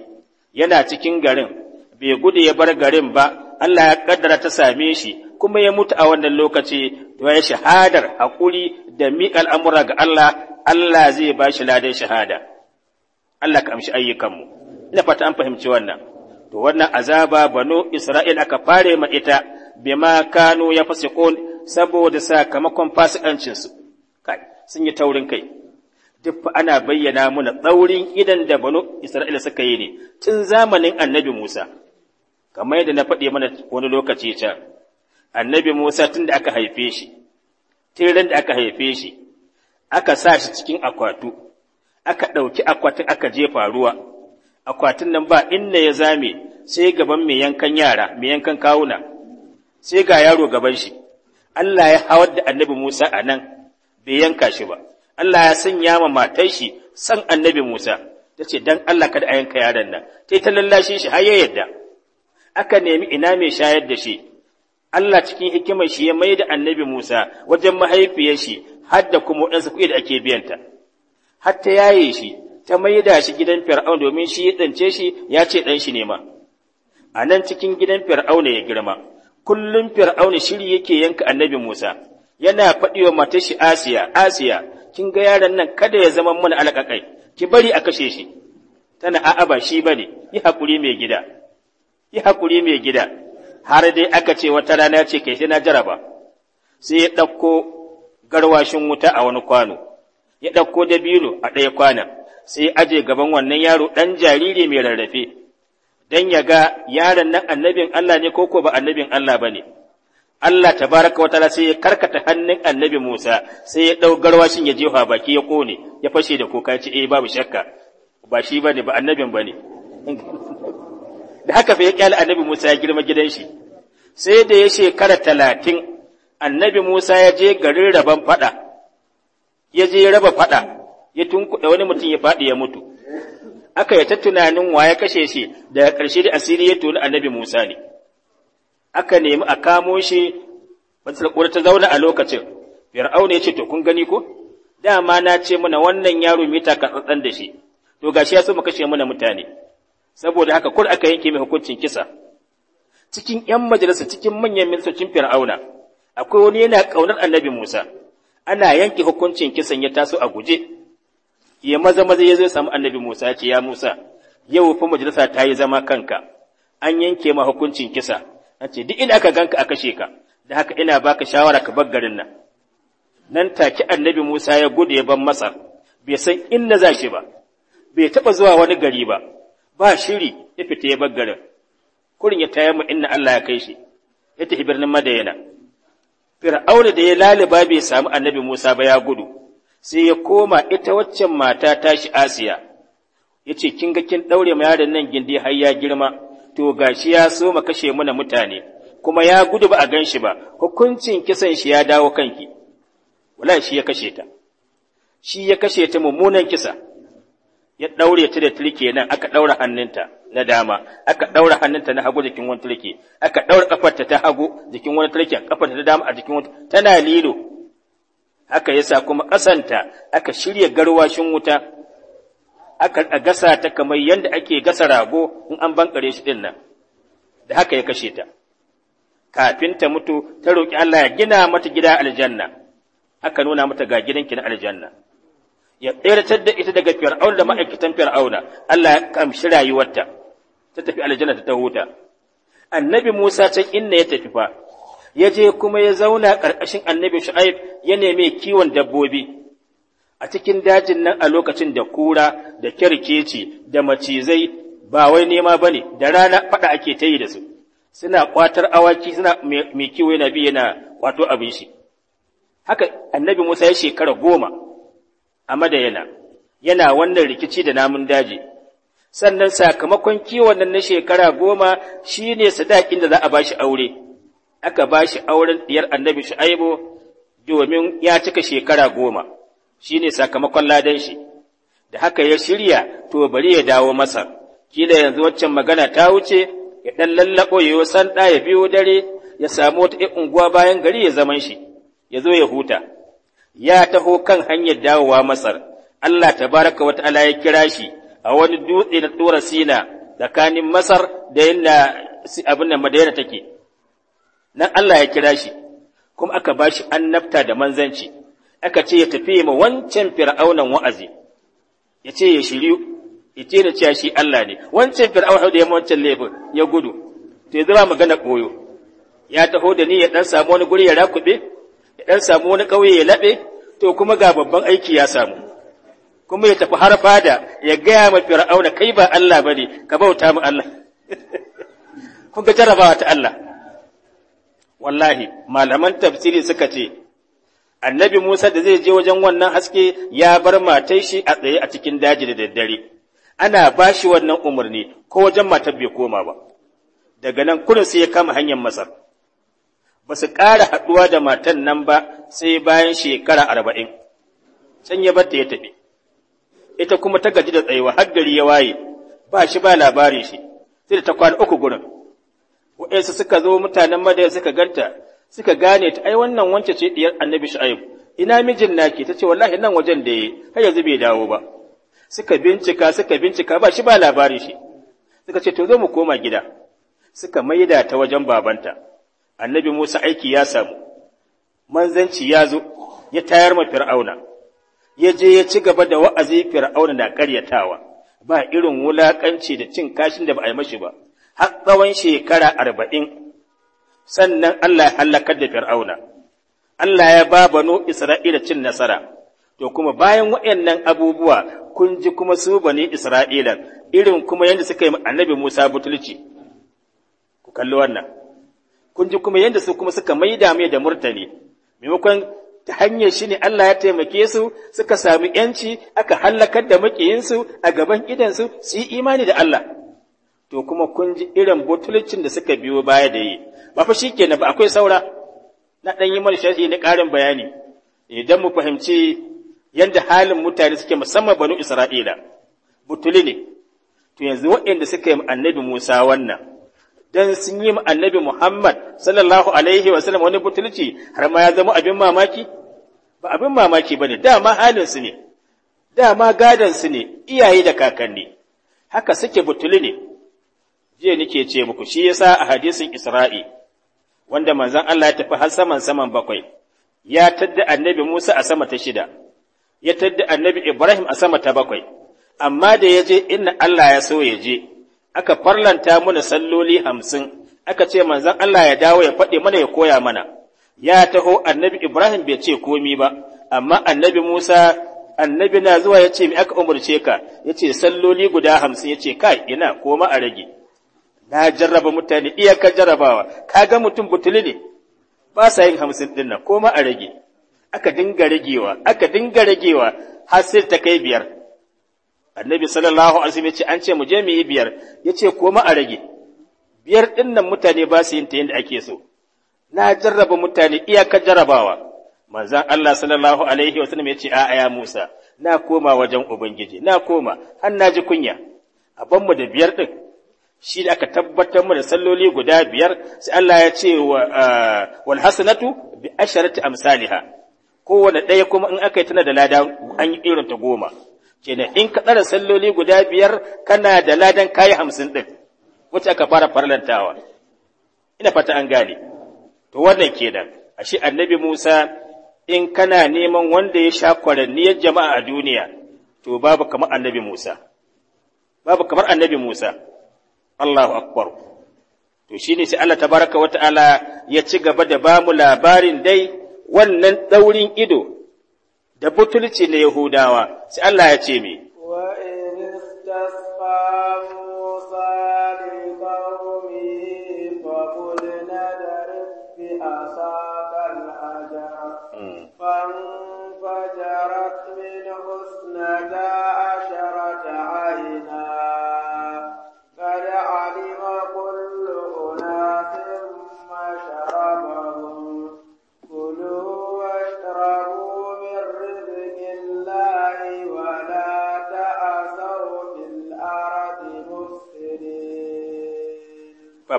yana cikin garin bai gudu ya bar garin ba Allah ya kaddara ta same shi kuma ya mutu a wannan lokaci to ya shahadar haƙuri da miƙal al'amura ga Allah Allah zai ba shi ladan shahada Allah ka amshi ayyukanmu ina fata an fahimci wannan to wannan azaba banu Isra'il aka fare ma ita ma kanu ya fasikun saboda sakamakon fasikancinsu, kai, sun yi taurin kai, duk ana bayyana mana tsaurin idan da banu Isra'il suka yi ne tun zamanin annabi Musa, kamar yadda na faɗi mana wani lokaci can, annabi Musa tun da aka haife shi, tun da aka haife shi, aka sa shi cikin akwatu, aka ɗauki akwatin aka jefa ruwa. akwatin nan ba inda ya zame sai gaban mai yankan yara mai yankan kawuna sai ga yaro gaban shi Allah ya hawar da annabi Musa a nan bai yanka shi ba Allah ya sanya ma matarshi shi san annabi Musa ta ce dan Allah kada a yanka yaron nan ta ta lallashe shi har ya yadda aka nemi ina mai shayar da shi Allah cikin hikimar shi ya mai da annabi Musa wajen mahaifiyar shi har da kuma waɗansu kuɗi da ake biyanta har ta yaye shi ta maida shi gidan fir'aun domin shi ya ɗance shi ya ce ɗan shi ne ma a nan cikin gidan fir'aun ya girma kullum fir'aun shiri yake yanka annabi musa yana faɗi wa matar shi asiya asiya kin ga yaron nan kada ya zama mana alƙaƙai ki bari a kashe shi tana a'a ba shi bane yi hakuri mai gida yi hakuri mai gida har dai aka ce wata rana ce kai sai na jaraba sai ya ɗauko garwashin wuta a wani kwano ya ɗauko dabino a ɗaya kwanan sai aje gaban wannan yaro ɗan jariri mai rarrafe don ya ga yaron nan annabin Allah ne ko ko ba annabin Allah ba ne. Allah baraka wata sai ya karkata hannun annabi Musa sai ya ɗau garwashin ya jefa baki ya kone ya fashe da kuka ce eh babu shakka ba shi ba ne ba annabin ba ne. [laughs] Da haka fa ya ƙyale annabi Musa ya girma gidan shi. Sai da ya shekara talatin annabi Musa ya je garin raban faɗa ya je raba faɗa ya tunkuɗa wani mutum ya faɗi ya mutu aka yi ta tunanin wa ya kashe shi daga ƙarshe da asiri ya tuni annabi Musa ne aka nemi a kamo shi wata ta zauna a lokacin fir'auna ya ce to kun gani ko dama na ce mana wannan yaro mai takatsantsan da shi to gashi ya so mu kashe mana mutane saboda haka kur aka yanke mai hukuncin kisa cikin ‘yan majalisa cikin manyan ministocin fir'auna akwai wani yana ƙaunar annabi musa ana yanke hukuncin kisan ya taso a guje ya maza maza ya zo samu annabi Musa ya ce ya Musa yau fa majalisa ta yi zama kanka an yanke ma hukuncin kisa an ce duk inda aka ganka a kashe ka da haka ina baka shawara ka bar garin nan nan take annabi Musa ya gudu ya bar Masar bai san inda za shi ba bai taba zuwa wani gari ba ba shiri ya fita ya bar garin kurin ya taya mu inna Allah ya kai shi ya tafi birnin Madayana Fir'auna da ya laliba bai samu annabi Musa ba ya gudu sai ya koma ita waccan mata tashi Asiya ya ce kin ga kin ɗaure ma yaron nan gindi har ya girma to gashi ya so ma kashe mana mutane kuma ya gudu ba a gan shi ba hukuncin kisan shi ya dawo kanki wallahi shi ya kashe ta shi ya kashe ta mummunan kisa ya ɗaure ta da turke nan aka ɗaura hannunta na dama aka ɗaura hannunta na hagu jikin wani turke, aka ɗaura ƙafarta ta hagu jikin wani turke, ƙafarta ta dama a jikin wani tana lilo haka yasa kuma ƙasanta aka shirya garwashin wuta aka gasa ta kamar yadda ake gasa rago in an bankare shi dinnan da haka ya kashe ta kafin ta mutu ta roƙi Allah ya gina mata gida aljanna aka nuna mata ga gidanki na aljanna ya tsiratar da ita daga fir'aun da ma'aikatan fir'auna Allah ya kamshi rayuwarta ta tafi aljanna ta huta annabi Musa can inna ya tafi fa ya je kuma ya zauna ƙarƙashin annabi shu'aib ya neme kiwon dabbobi a cikin dajin nan a lokacin da kura da kirkeci da macizai ba wai nema bane da rana faɗa ake ta yi da su suna ƙwatar awaki suna mai kiwo yana bi yana ƙwato abin shi haka annabi musa ya shekara goma a madayana yana wannan rikici da namun daji sannan sakamakon kiwon nan na shekara goma shine sadakin da za a bashi aure aka ba shi auren diyar annabi shu'aibu domin ya cika shekara goma shi ne sakamakon ladan shi da haka ya shirya to bari ya dawo masar kila yanzu waccan magana ta wuce ya ɗan lallaɓo ya yi wasan ya biyo dare ya samu wata unguwa bayan gari ya zaman shi ya zo ya huta ya taho kan hanyar dawowa masar Allah ta baraka wata ala ya kira shi a wani dutse na tura sina tsakanin masar da yadda abin da madaina take nan Allah ya kira shi kuma aka ba shi annabta da manzanci aka ce ya tafi ma wancan fir'aunan wa'azi ya ce ya shiryu ya ce da cewa shi Allah ne wancan fir'aunan da ya wancan laifin ya gudu to ya zama magana koyo ya taho da ni ya dan samu wani guri ya rakube ya dan samu wani ƙauye ya laɓe to kuma ga babban aiki ya samu kuma ya tafi har fada ya gaya ma fir'auna kai ba Allah bane ka bauta mu Allah [laughs] kun ga jarabawa ta Allah wallahi malaman tafsiri suka ce annabi Musa da zai je wajen wannan haske ya bar matai shi a tsaye a cikin daji da daddare ana ba shi wannan umarni ko wajen matar bai koma ba daga nan kurin sai ya kama hanyar Masar ba su ƙara haɗuwa da matan nan ba sai bayan shekara arba'in can ya batta ya tafi ita kuma ta gaji da tsayuwa har gari ya waye ba shi ba labarin shi sai da ta kwana uku gurin waɗansu suka zo mutanen madaya suka ganta suka gane ta ai wannan wance ce ɗiyar annabi shu'aib ina mijin naki tace wallahi nan wajen da yi. har yanzu bai dawo ba suka bincika suka bincika ba shi ba labarin shi suka ce to zo mu koma gida suka maida ta wajen babanta annabi Musa aiki ya samu manzanci ya zo ya tayar ma fir'auna ya je ya ci gaba da wa'azi fir'auna na karyatawa. ba irin wulakanci da cin kashin da ba a yi mashi ba har tsawon shekara arba'in sannan Allah ya hallakar da fir'auna Allah ya ba banu Isra'ila cin nasara to kuma bayan waɗannan abubuwa kun ji kuma su bane Isra'ila irin kuma yadda suka yi annabi Musa butulci ku kalli wannan kun ji kuma yadda su kuma suka maida mai da murtani maimakon ta hanyar shi ne Allah ya taimake su suka samu ‘yanci aka hallakar da maƙiyinsu a gaban idansu su yi imani da Allah. to kuma kun ji irin butulcin da suka biyo baya da yi ba fa shikenan ba akwai saura na dan yi mana sharhi na ƙarin bayani idan mu fahimci yadda halin mutane suke musamman banu Isra'ila butuli ne to yanzu waɗanda suka yi annabi Musa wannan dan sun yi annabi Muhammad sallallahu alaihi wa wani butulci har ma ya zama abin mamaki ba abin mamaki bane dama halin su ne dama gadan su ne iyaye da kakanni haka suke butuli ne jiya nike ce muku shi yasa a hadisin Isra'i wanda manzon Allah ya tafi har saman saman bakwai ya tadda annabi Musa a sama ta shida ya tadda annabi Ibrahim a sama ta bakwai amma da ya je inna Allah ya so ya je aka farlanta mana salloli hamsin aka ce manzon Allah ya dawo ya faɗi mana ya koya mana ya taho annabi Ibrahim bai ce komi ba amma annabi Musa annabi na zuwa ya ce me aka umurce ka yace salloli guda hamsin ya ce kai ina koma a rage na jarraba mutane iyaka jarrabawa ka ga mutum butuli ne ba sa yin hamsin din nan ko ma a rage aka dinga ragewa aka dinga ragewa har sai ta kai biyar annabi sallallahu alaihi wasallam ya ce an ce mu je mu yi biyar ya ce ko ma a rage biyar din nan mutane ba su yin ta yadda ake so na jarraba mutane iyaka jarrabawa manzan Allah sallallahu alaihi wasallam ya ce a aya Musa na koma wajen ubangiji na koma har na ji kunya a banmu da biyar din shi da aka tabbatar mu da salloli guda biyar sai Allah ya ce wa wal hasanatu bi asharati amsalha kowanne ɗaya kuma in aka yi tana da lada an yi irin ta goma kenan in ka tsara salloli guda biyar kana da ladan kayi hamsin ɗin wacce aka fara farlantawa ina fata an gane to wannan kenan ashe annabi Musa in kana neman wanda ya sha kwaranniyar jama'a a duniya to babu kamar annabi Musa babu kamar annabi Musa Allahu akbar to shi ne sai Allah ta baraka tabaraka ta'ala ya ci gaba da ba mu labarin dai wannan daurin ido da butulci na Yahudawa sai Allah ya ce me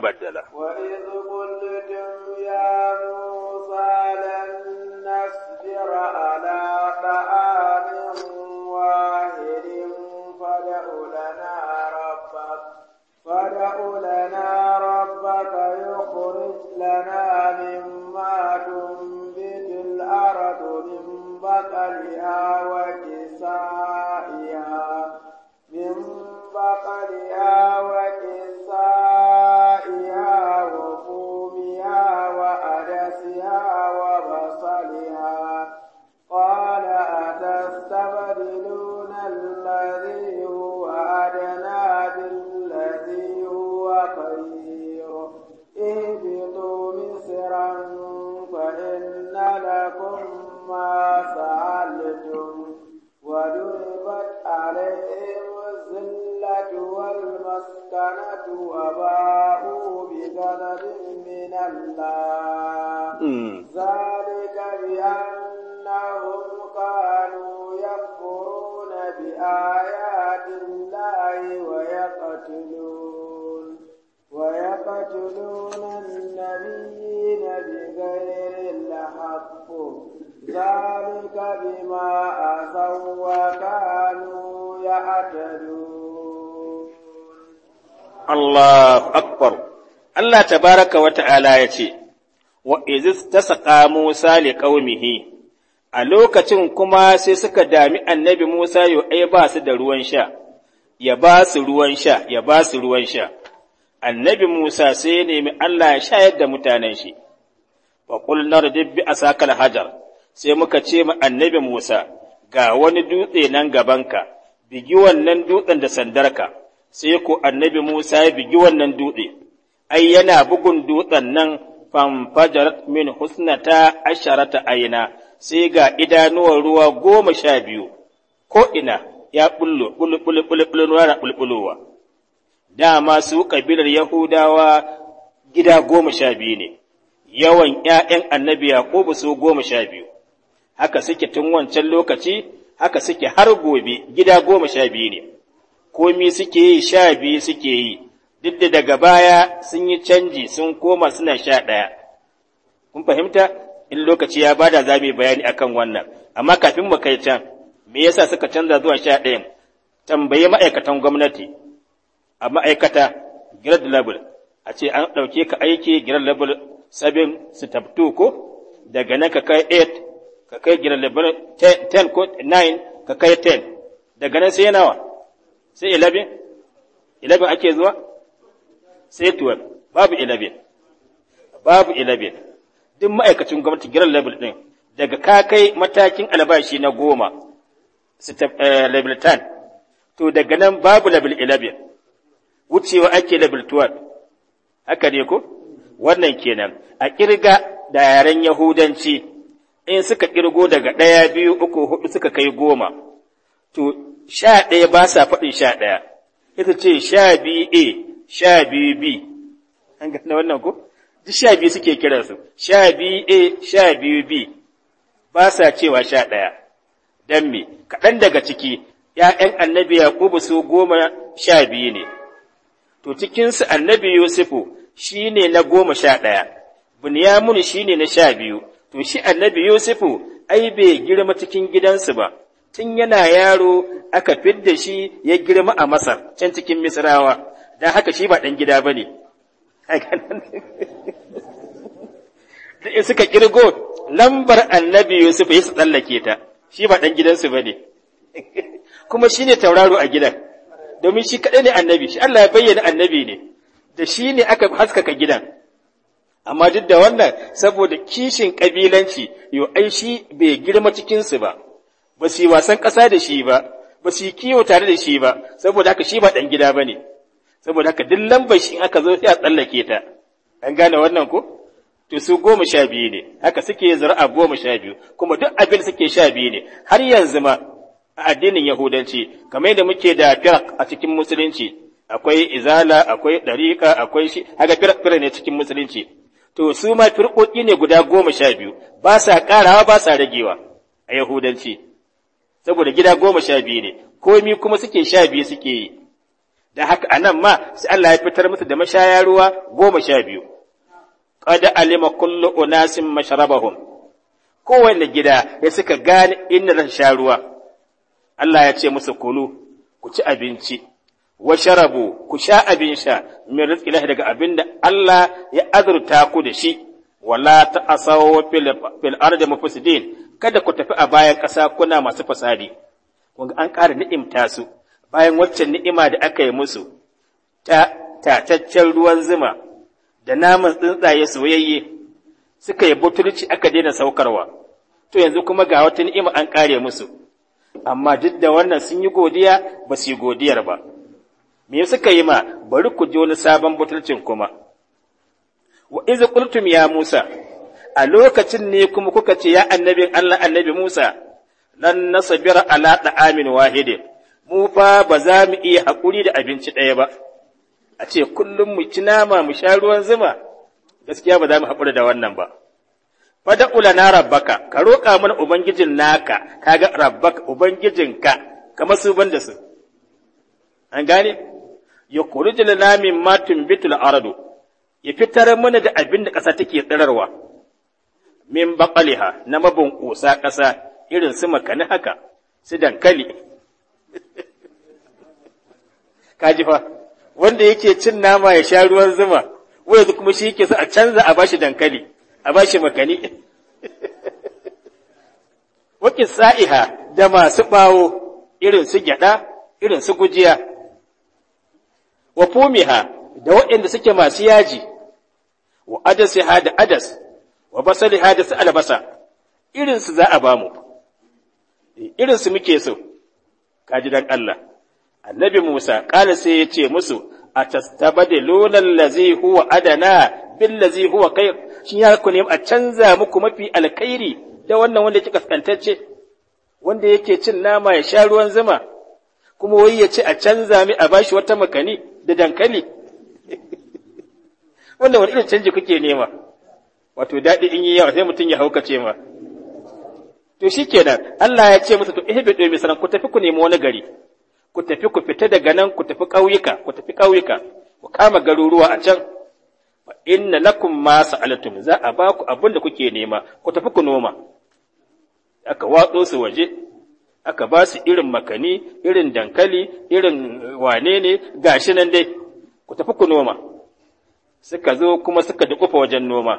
abaddala tabaraka wa ta'ala ya ce, Wa izis ta saƙa Musa li ƙaumihi, a lokacin kuma sai suka dami annabi Musa yau ai ba su da ruwan sha, ya ba su ruwan sha, ya ba su ruwan sha. Annabi Musa sai ya nemi Allah ya shayar da mutanen shi, wa ƙulnar dubbi a sakal hajar, sai muka ce ma annabi Musa, ga wani dutse nan gabanka, bigi wannan dutsen da sandarka, sai ko annabi Musa ya bigi wannan dutse. ai yana bugun dutsen nan fanfajarat min husnata asharata aina sai ga idanuwar ruwa goma sha biyu ko ina ya bullo bullo bullo ruwa na bulbulowa dama su kabilar yahudawa gida goma sha biyu ne yawan ’ya'yan annabi yakubu su goma sha biyu, haka suke tun wancan lokaci, haka suke har gobe gida goma sha biyu ne, komi suke yi sha biyu suke yi, duk da daga baya sun yi canji sun koma suna sha ɗaya. Kun fahimta? In lokaci ya bada za mu yi bayani akan wannan, amma kafin mu kai can, me yasa suka canza zuwa sha ɗaya? Tambaye ma'aikatan gwamnati, a ma'aikata, grade level, a ce an ɗauke ka aiki grade level 7 step 2 ko? Daga nan ka kai 8, ka kai grade level 10 ko 9, ka kai 10. Daga nan sai nawa? Sai 11? 11 ake zuwa? sai tuwal babu ilabin babu ilabin duk ma'aikacin gwamnati giran level din daga ka kai matakin albashi na goma eh, level 10 to daga nan babu level 11 wucewa ake level 12 haka ne ko wannan kenan a kirga da yaren yahudanci in suka kirgo daga ɗaya biyu uku hudu suka kai goma to sha ɗaya ba sa faɗin sha ɗaya ita ce sha biyu a sha biyu b an gane wannan ku? duk sha biyu suke kiransu sha biyu a sha biyu b ba sa cewa sha ɗaya don me kaɗan daga ciki ‘ya'yan annabi yakubu su goma sha biyu ne to cikinsu annabi yusufu shi ne na goma sha ɗaya bunyamin shi ne na sha biyu to shi annabi yusufu ai bai girma cikin gidansu ba tun yana yaro aka fidda shi ya girma a masar can cikin misrawa dan haka shi ba dan gida bane in suka kirgo lambar annabi Yusuf ya su tsallake ta shi ba dan gidansu bane kuma shine tauraro a gidan domin shi kadai ne annabi shi Allah ya bayyana annabi ne da shi ne aka haskaka gidan amma duk da wannan saboda kishin kabilanci yo ai shi bai girma cikinsu ba ba su wasan ƙasa da shi ba ba su kiwo tare da shi ba saboda haka shi ba ɗan gida ba saboda haka duk lambar shi aka zo sai a tsallake ta an gane wannan ko to su goma sha biyu ne haka suke zura'a goma sha biyu kuma duk abin suke sha biyu ne har yanzu ma a addinin yahudanci kamar yadda muke da firak a cikin musulunci akwai izala akwai dariƙa akwai shi haka firak ne cikin musulunci to su ma firƙoƙi ne guda goma sha biyu ba sa ƙarawa ba sa ragewa a yahudanci saboda gida goma sha biyu ne komi kuma suke sha biyu suke yi da haka a nan ma sai Allah ya fitar musu da mashaya ruwa goma sha biyu ƙada alima kullu unasin masharabahum kowane gida ya suka gane inda zan sha ruwa Allah ya ce musu kulu ku ci abinci wa sharabu ku sha abin sha min rizki lahi daga abinda Allah ya azurta ku da shi wala ta'asaw fil ardi mafisidin kada ku tafi a bayan ƙasa kuna masu fasadi kun an ƙara ni'imta su bayan waccan ni'ima da aka yi musu ta tataccen ruwan zuma da naman tsuntsaye soyayye suka yi butulci aka daina saukarwa to yanzu kuma ga wata ni'ima an kare musu amma duk da wannan sun yi godiya ba su yi godiyar ba me suka yi ma bari ku ji wani sabon butulcin kuma wa iza qultum ya musa a lokacin ne kuma kuka ce ya annabin Allah annabi Musa lan nasbira ala ta'amin wahidin mu fa ba za mu iya haƙuri da abinci ɗaya ba a ce kullum mu ci nama mu sha ruwan zuma gaskiya ba za mu haƙura da wannan ba fada na rabbaka ka roƙa mana ubangijin naka kaga rabbaka ubangijinka kamar su ban da su an gane ya kurji lana min matun bitul ardu ya fitar mana da abin da ƙasa take tsirarwa min baƙaliha na mabin ƙusa ƙasa irin su makani haka su dankali kaji fa wanda yake cin nama ya sha ruwan zuma wanda kuma shi yake so a canza a bashi dankali a bashi makani [laughs] wakin sa'iha da masu bawo irin su gyada irin su gujiya wa fumiha da waɗanda suke masu yaji wa adasiha da adas wa basaliha da su albasa irin su za a bamu irin su muke so kaji dan Allah annabi Musa ƙala sai ya ce musu a tastabadiluna lazi huwa adana lazi huwa kai shi ya ku a canza muku mafi alkairi da wannan wanda kika kaskantacce wanda yake cin nama ya sha ruwan zuma kuma wai ya ce a canza mi a bashi wata makani da dankali [laughs] wannan wani irin canji kuke nema wato daɗi in yi yawa sai mutum ya haukace ma to kenan Allah ya ce musu to ihbidu misalan ku tafi ku nemi wani gari ku tafi ku fita daga nan ku tafi ƙauyuka ku tafi ƙauyuka ku kama garuruwa a can inna lakum ma sa'altum za a ba ku abin da kuke nema ku tafi ku noma aka watso su waje aka ba su irin makani irin dankali irin eh, wane ne gashi nan dai ku tafi ku noma suka zo kuma suka dukufa wajen noma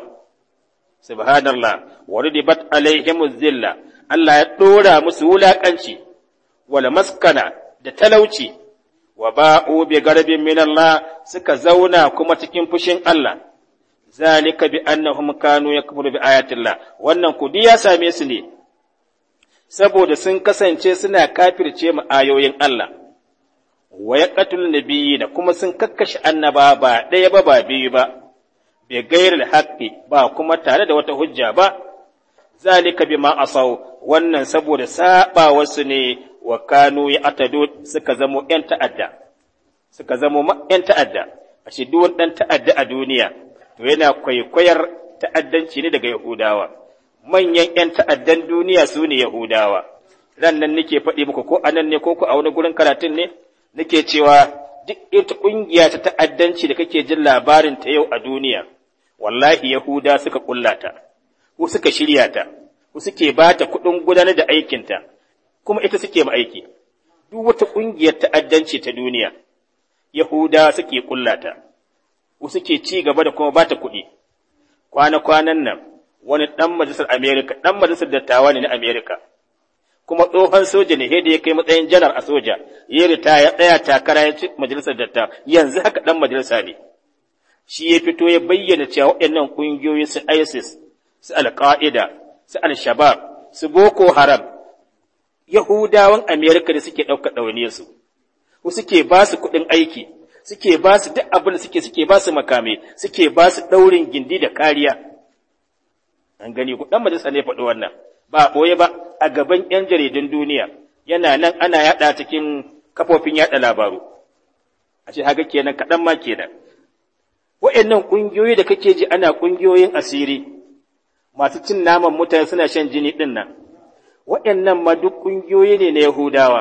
subhanallah waridibat alaihim zilla Allah ya ɗora musu wulakanci wala maskana da talauci wa ba'u bi garbin minalla suka zauna kuma cikin fushin Allah zalika bi annahum kanu yakfuru bi ayatillah wannan ku ya same su ne saboda sun kasance suna kafirce mu ayoyin Allah wa yaqtul da kuma sun kakkashi annaba ba ɗaya ba ba biyu ba bi gairar haƙƙi ba kuma tare da wata hujja ba zalika bima asaw wannan saboda wasu ne wa kanu ya atadud suka zamo ‘yan ta'adda, suka zamo ‘yan ta'adda, a shi ɗan ta'adda a duniya, to yana kwaikwayar ta'addanci ne daga Yahudawa, manyan ‘yan ta'addan duniya su ne Yahudawa, ran nan nake faɗi muku ko anan ne ko ku a wani gurin karatun ne, nake cewa duk ita ƙungiya ta ta'addanci da kake jin labarin ta yau a duniya, wallahi Yahuda suka ƙulla ta, ko suka shirya ta, ko suke ba ta kuɗin gudanar da aikinta. kuma ita suke aiki duk wata ƙungiyar ta'addanci ta duniya yahuda suke kullata suke ci gaba da kuma bata kuɗi kwana-kwanan nan wani ɗan majalisar amerika ɗan majalisar dattawa ne na amerika kuma tsohon soja ne da ya kai matsayin janar a soja ya rita ya tsaya takara ya ci majalisar dattawa yanzu haka ɗan majalisa ne shi ya fito ya bayyana cewa waɗannan ƙungiyoyin su isis su al alƙa'ida su al-shabab su boko haram Yahudawan Amerika da suke ɗauka ɗauniyarsu, suke ba su kuɗin aiki, suke ba su duk abin da suke suke ba su makame, suke ba su ɗaurin gindi da kariya. An gani ku ɗan majalisa ne faɗi wannan, ba a ɓoye ba a gaban ‘yan jaridun duniya, yana nan ana yaɗa cikin kafofin yaɗa labaru. A ce haka kenan kaɗan ma kenan. Wa'yannan ƙungiyoyi da kake ji ana ƙungiyoyin asiri, masu cin naman mutane suna shan jini ɗin nan, waɗannan ma duk ƙungiyoyi ne na Yahudawa,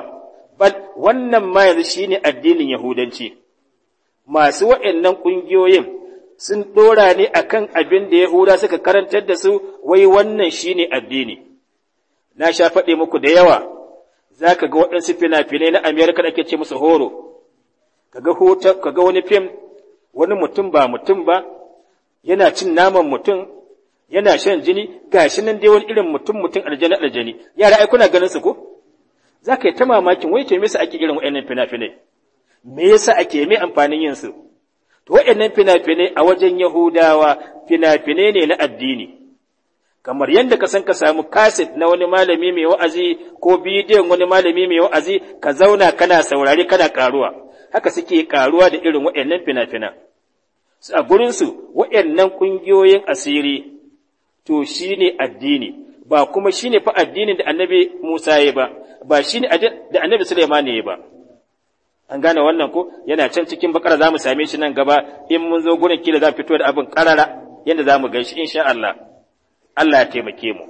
bal wannan ma yanzu shi ne addinin Yahudanci. Masu waɗannan ƙungiyoyin sun ɗora ne a kan abin da Yahuda suka karantar da su wai wannan shi ne addini. Na sha faɗe muku da yawa, za ka ga waɗansu fina-finai na Amerika da ake ce musu horo, ka ga wani fim, wani mutum ba mutum ba, yana cin naman mutum, yana shan jini ga shi nan dai wani irin mutum mutum aljani aljani yara ai kuna ganin su ko za ka yi ta mamakin wai ke me ake irin wa'annan fina-finai me yasa ake mai amfanin yin su to wa'annan fina a wajen yahudawa fina ne na addini kamar yadda ka san ka samu kaset na wani malami mai wa'azi ko bidiyon wani malami mai wa'azi ka zauna kana saurari kana karuwa haka suke karuwa da irin wa'annan fina-fina a gurinsu wa'annan ƙungiyoyin asiri to shine addini ba kuma shine fa addinin da annabi Musa ya ba ba shine da annabi Sulaiman ya ba an gane wannan ko yana can cikin bakara zamu same shi nan gaba in mun zo gurin kila za fito da abin karara yanda zamu gan shi insha Allah Allah ya taimake mu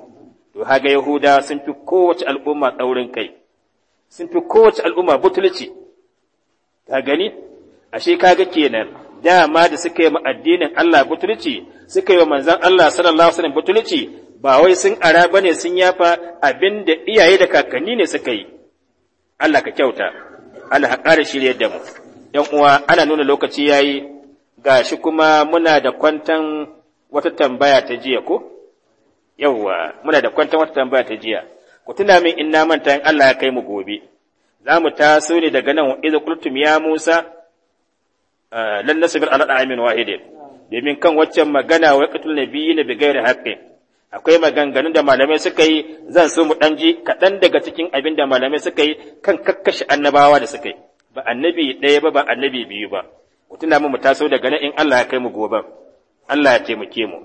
to haga Yahuda sun fi kowace al'umma tsaurin kai sun fi kowace al'umma butulci ka gani ashe kaga kenan dama da suka yi addinin Allah butulci suka yi wa manzan Allah sallallahu alaihi butulci ba wai sun ara ba ne sun yafa abin da iyaye da kakanni ne suka yi Allah ka kyauta Allah ka da da mu ‘yan uwa ana nuna lokaci ya yi ga shi kuma muna da kwantan wata tambaya ta jiya ko? Yawwa, muna da kwantan wata tambaya ta jiya, ku tuna min in na manta in Allah ya kai mu gobe, za mu taso ne daga nan wa’izu kultum ya Musa, Eh, lan nasbir ala da'amin wahidin domin kan waccan magana wa qatul nabiyyi bi ghairi haqqi akwai maganganun da malamai suka yi zan so mu danji ji kaɗan daga cikin abin da malamai suka yi kan kakkashi annabawa da suka yi ba annabi ɗaya ba ba annabi biyu ba ku tuna mu taso daga nan in Allah ya kai mu gobe Allah ya taimake mu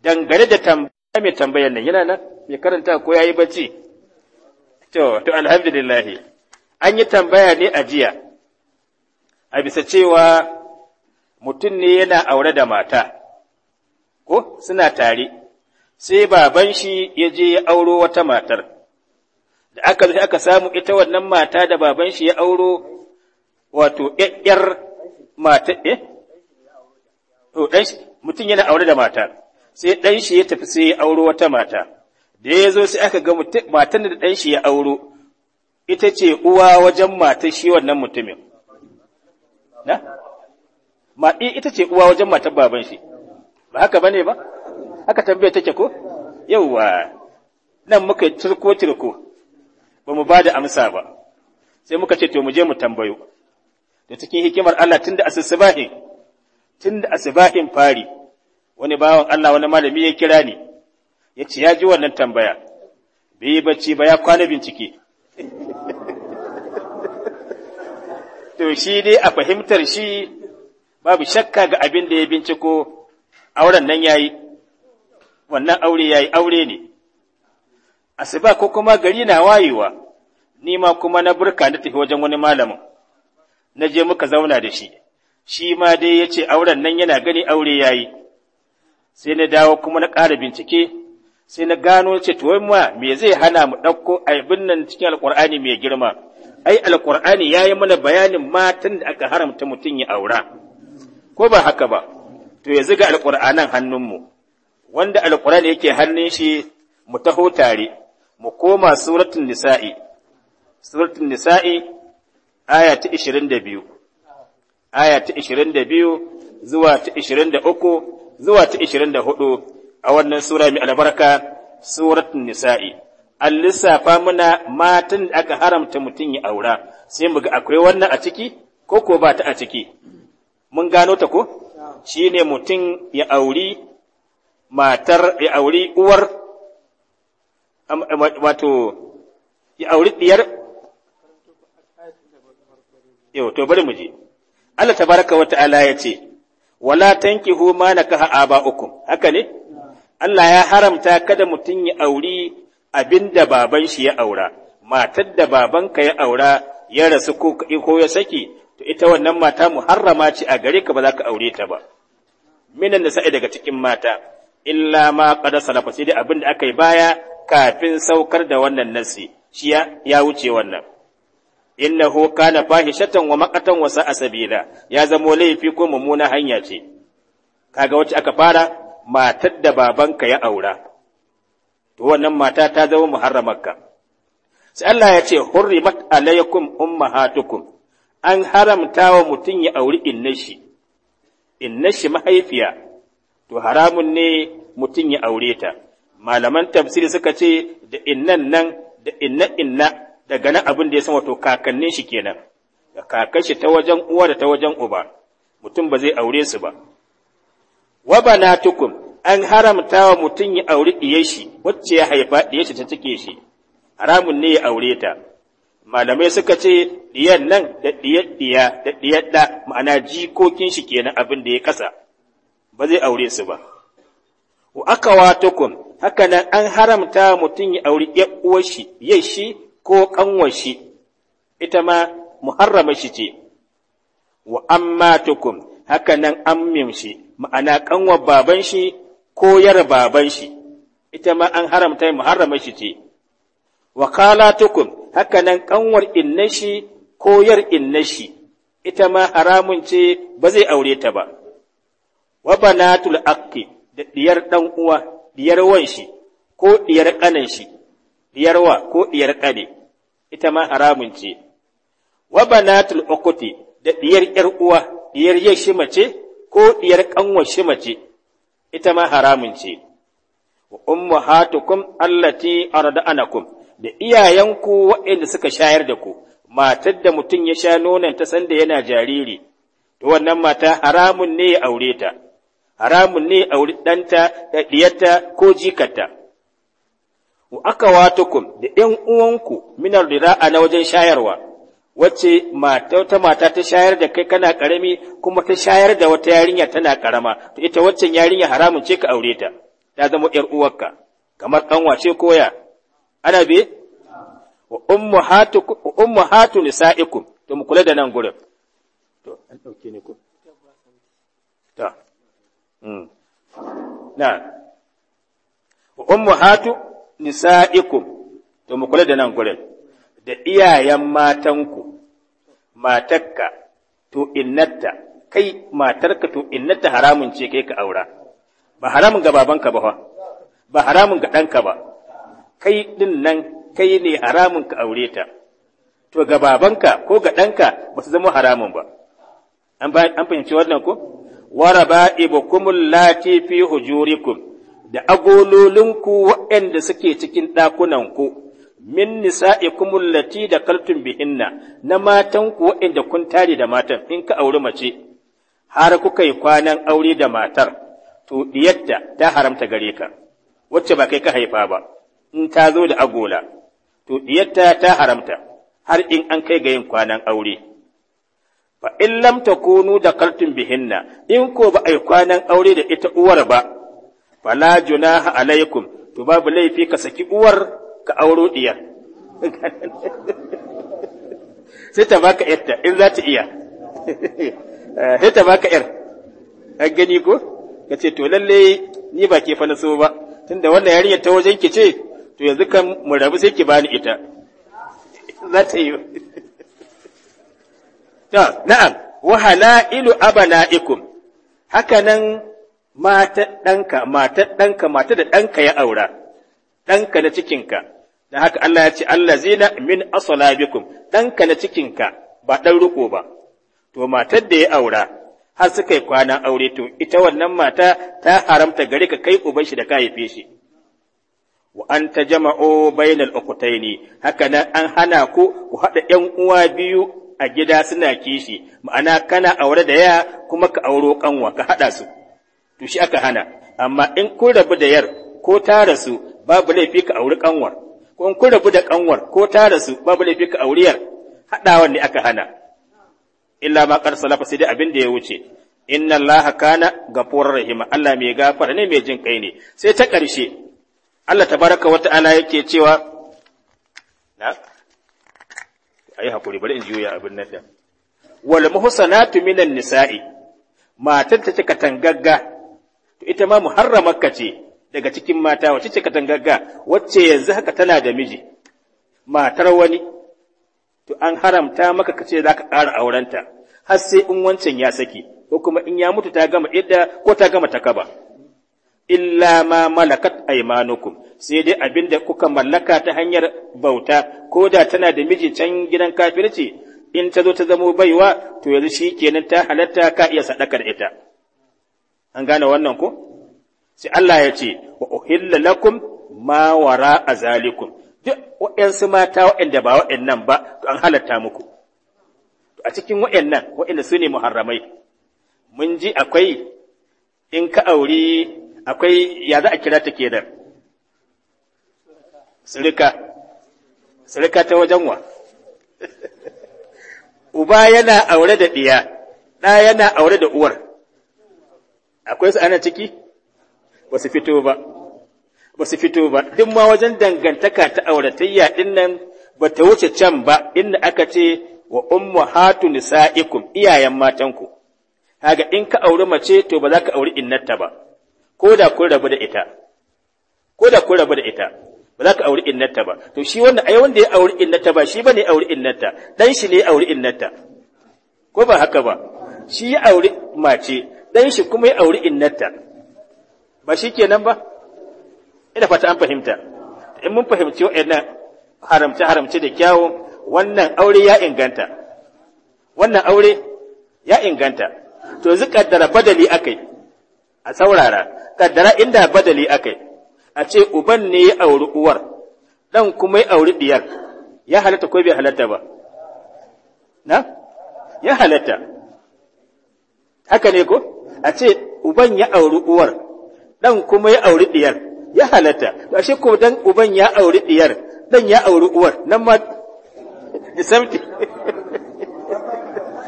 dangane da tambaya mai tambayar nan yana nan mai karanta ko yayi bacci to to alhamdulillah an yi tambaya ne a jiya a bisa cewa mutum ne yana aure da mata, ko suna tare, sai baban shi ya je ya auro wata matar, da aka zai aka samu ita wannan mata da baban shi ya auro wato ‘yar mata, eh? To, mutum yana aure da mata, sai ɗan shi ya tafi sai ya auro wata mata, da ya zo sai aka ga matan da ɗan shi ya auro, ita ce uwa wajen matar shi wannan mutumin. na ma ita ce uwa wajen matar baban shi ba haka bane ba haka tambaya take ko Yauwa, nan muka turko turko ba mu bada amsa ba sai muka ce to mu je mu tambayo da cikin hikimar Allah tunda asusubahin tunda asubahin fari wani bawan Allah wani malami ya kira ni ya ya ji wannan tambaya bai bacci ba ya kwana bincike [laughs] to shi dai a fahimtar shi babu shakka ga abin da ya binciko auren nan yayi wannan aure yayi aure ne asuba ko kuma gari na wayewa ni ma kuma na burka na tafi wajen wani malamin na je muka zauna da shi shi ma dai ya ce auren nan yana gani aure yayi sai na dawo kuma na ƙara bincike sai na gano ce to ma me zai hana mu ɗauko abin nan cikin alƙur'ani mai girma ai ya yi mana bayanin matan da aka haramta mutum ya aura ko ba haka ba to ya ziga alqur'anan hannunmu wanda alqur'ani yake hannun shi mu taho tare mu koma suratul nisa'i suratul nisa'i aya ta 22 aya ta 22 zuwa ta 23 zuwa ta 24 a wannan sura mai albarka suratul nisa'i an lissafa muna matan da aka haramta mutum ya aura sai mu ga akwai wannan a ciki ko ko ba ta a ciki mun gano ta ko shine mutum ya auri matar ya auri uwar wato ya auri diyar yau to bari mu je Allah tabaraka wa ta'ala ya ce wala tankihu ma nakaha aba'ukum haka ne Allah ya haramta kada mutum ya auri abin da baban shi ya aura matar da babanka ya aura ya rasu ko ya saki to ita wannan mata muharrama ce a gare ka ba za ka aure ta ba minan da sa'i daga cikin mata illa ma qad salafa sai dai abin da aka yi baya kafin saukar da wannan nasi shi ya wuce wannan innahu kana fahishatan wa maqatan wa sa'a ya zamo laifi ko mummuna hanya ce kaga wacce aka fara matar da babanka ya aura to wannan mata ta zama muharramarka sai Allah ya ce hurrimat alaykum ummahatukum an haramta wa mutum ya auri innashi innashi mahaifiya to haramun ne mutum ya aure ta malaman tafsiri suka ce da innan nan da inna inna daga nan abin da ya san wato kakannin shi kenan da kakan shi ta wajen uwa da ta wajen uba mutum ba zai aure su ba wa banatukum an haramta wa mutum ya auri ɗiyar shi wacce ya haifa ɗiyar ta cike shi haramun ne ya aure ta malamai suka ce ɗiyar nan da ɗiyar ɗiya da ɗiyar ɗa ma'ana jikokin shi kenan abin da ya kasa ba zai aure su ba wa aka kun haka nan an haramta mutum ya auri ƴar uwar shi shi ko ƙanwar shi ita ma muharrama shi ce wa amma tukum haka nan ammin shi ma'ana ƙanwar baban shi ko yar baban shi ita ma an haramta yi muharrama shi ce wa kala tukun, haka nan kanwar inna shi ko yar inna shi ita ma haramun ce ba zai aure ta ba wa banatul akki da diyar dan uwa diyar wan shi ko ɗiyar kanan shi diyar wa ko ɗiyar ƙane, ita ma haramun ce wa banatul ukuti da ɗiyar yar uwa ɗiyar yashi mace ko ɗiyar ƙanwar shi mace ita ma haramun ce wa hatukum allati arda'anakum da iyayenku waɗanda suka shayar da ku matar da mutum ya sha nonon ta sanda yana jariri to wannan mata haramun ne ya aure ta haramun ne ya aure ɗanta ɗaɗiyarta ko jikata wa aka watukum da ‘yan uwanku minar rira'a na wajen shayarwa’ wacce wata mata ta shayar da kai kana karami kuma ta shayar da wata yarinya tana karama to ita waccan yarinya haramun ce ka aure ta ta zama yar uwarka kamar kanwa wace koya ana bi wa ummu hatu nisaikum to mu kula da nan gurin to an dauke ne ku ta mm na wa hatu nisaikum to mu kula da nan gurin da iyayen matanku, matakka to innatta, kai matarka to innatta haramun ce kai ka aura, ba haramun ga babanka ba ba haramun ga ɗanka ba, kai ɗin nan kai ne haramun ka aure ta, to ga babanka ko ga ɗanka ba su zama haramun ba. An fahimci wannan ko? Waraba ibukumul lati fi hujurikum da agololinku waɗanda suke cikin ɗakunanku. min nisa'ikum da dakaltum bihinna na matan ku waɗanda kun tare da matan in ka auri mace har kuka yi kwanan aure da matar to diyatta ta haramta gare ka wacce ba kai ka haifa ba in ta zo da agola to diyatta ta haramta har in an kai ga yin kwanan aure fa in lam takunu dakaltum bihinna in ko ba ai kwanan aure da ita uwar ba fala junaha alaikum to babu laifi ka saki uwar ka auro ɗiya sai ta baka yarta in za ta iya eh, sai ta baka yar an gani ko ka ce to lalle ni ba ke falaso ba tunda wannan yarinya ta wajen ki ce to yanzu kan mu rabu sai ki bani ita za ta yi na'am wa halailu abana'ikum haka nan mata danka mata danka mata da danka ya aura ɗanka na cikinka da haka Allah ya ce Allah zina min asalabikum ɗanka na cikinka ba ɗan riko ba to matar da ya aura har suka yi kwanan aure to ita wannan mata ta haramta gare ka kai uban shi da ka haife shi wa an ta jama'o bainal ukutaini haka nan an hana ku ku haɗa ƴan uwa biyu a gida suna kishi ma'ana kana aure da ya kuma ka auro kanwa ka haɗa su to shi aka hana amma in kun rabu da yar ko ta rasu babu laifi ka auri kanwar ko in ku rabu da kanwar ko ta rasu babu laifi ka auriyar haɗawan ne aka hana illa ma qad salafa sai dai abin da ya wuce inna allaha kana ghafurur rahim Allah mai gafara ne mai jin kai ne sai ta karshe. Allah tabaraka wa ta'ala yake cewa na ayi hakuri bari in ya abin nan da wal muhsanatu minan nisa'i matan ta cika tangagga to ita ma muharramakka ce daga cikin mata wacce ce katangagga wacce yanzu haka tana da miji matar wani to an haramta maka kace za ka ƙara aurenta har sai in wancan ya saki ko kuma in ya mutu ta gama idda ko ta gama takaba illa ma malakat aymanukum sai dai abinda kuka mallaka ta hanyar bauta ko da tana da miji can gidan kafirci in ta zo ta zamo baiwa to yanzu shi kenan ta halatta ka iya sadaka da ita an gane wannan ko sai Allah ya ce wa uhilla lakum ma wara azalikum duk waɗansu mata waɗanda ba waɗannan ba to an halatta muku a cikin waɗannan waɗanda su ne muharramai mun ji akwai in ka auri akwai ya za a kira ta kenan sirika sirika ta wajen wa [laughs] uba yana aure da ɗiya ɗa yana aure da uwar akwai su ana ciki ba su fito ba ba su fito ba duk ma wajen dangantaka ta auratayya din nan ba ta wuce can ba inda aka ce wa ummahatu nisaikum iyayen matanku kaga in ka auri mace to ba za ka auri innatta ba ko da kun rabu da ita ko da kun rabu da ita ba za ka auri innatta ba to shi wanda ai wanda ya auri innatta ba shi bane auri innatta dan shi ne auri innatta ko ba haka ba shi ya auri mace dan shi kuma ya auri innatta ba shi kenan ba ina fata an fahimta in mun fahimci waɗannan haramce haramce da kyawun wannan aure ya inganta wannan aure ya inganta to yanzu kaddara badali akai a saurara kaddara inda badali akai a ce uban ne ya auri uwar dan kuma ya auri diyar ya halatta ko bai halatta ba na ya halatta haka ne ko a ce uban ya auri uwar dan kuma ya auri diyar ya halatta to ashe ko dan uban ya auri diyar dan ya auri uwar nan ma samti [laughs]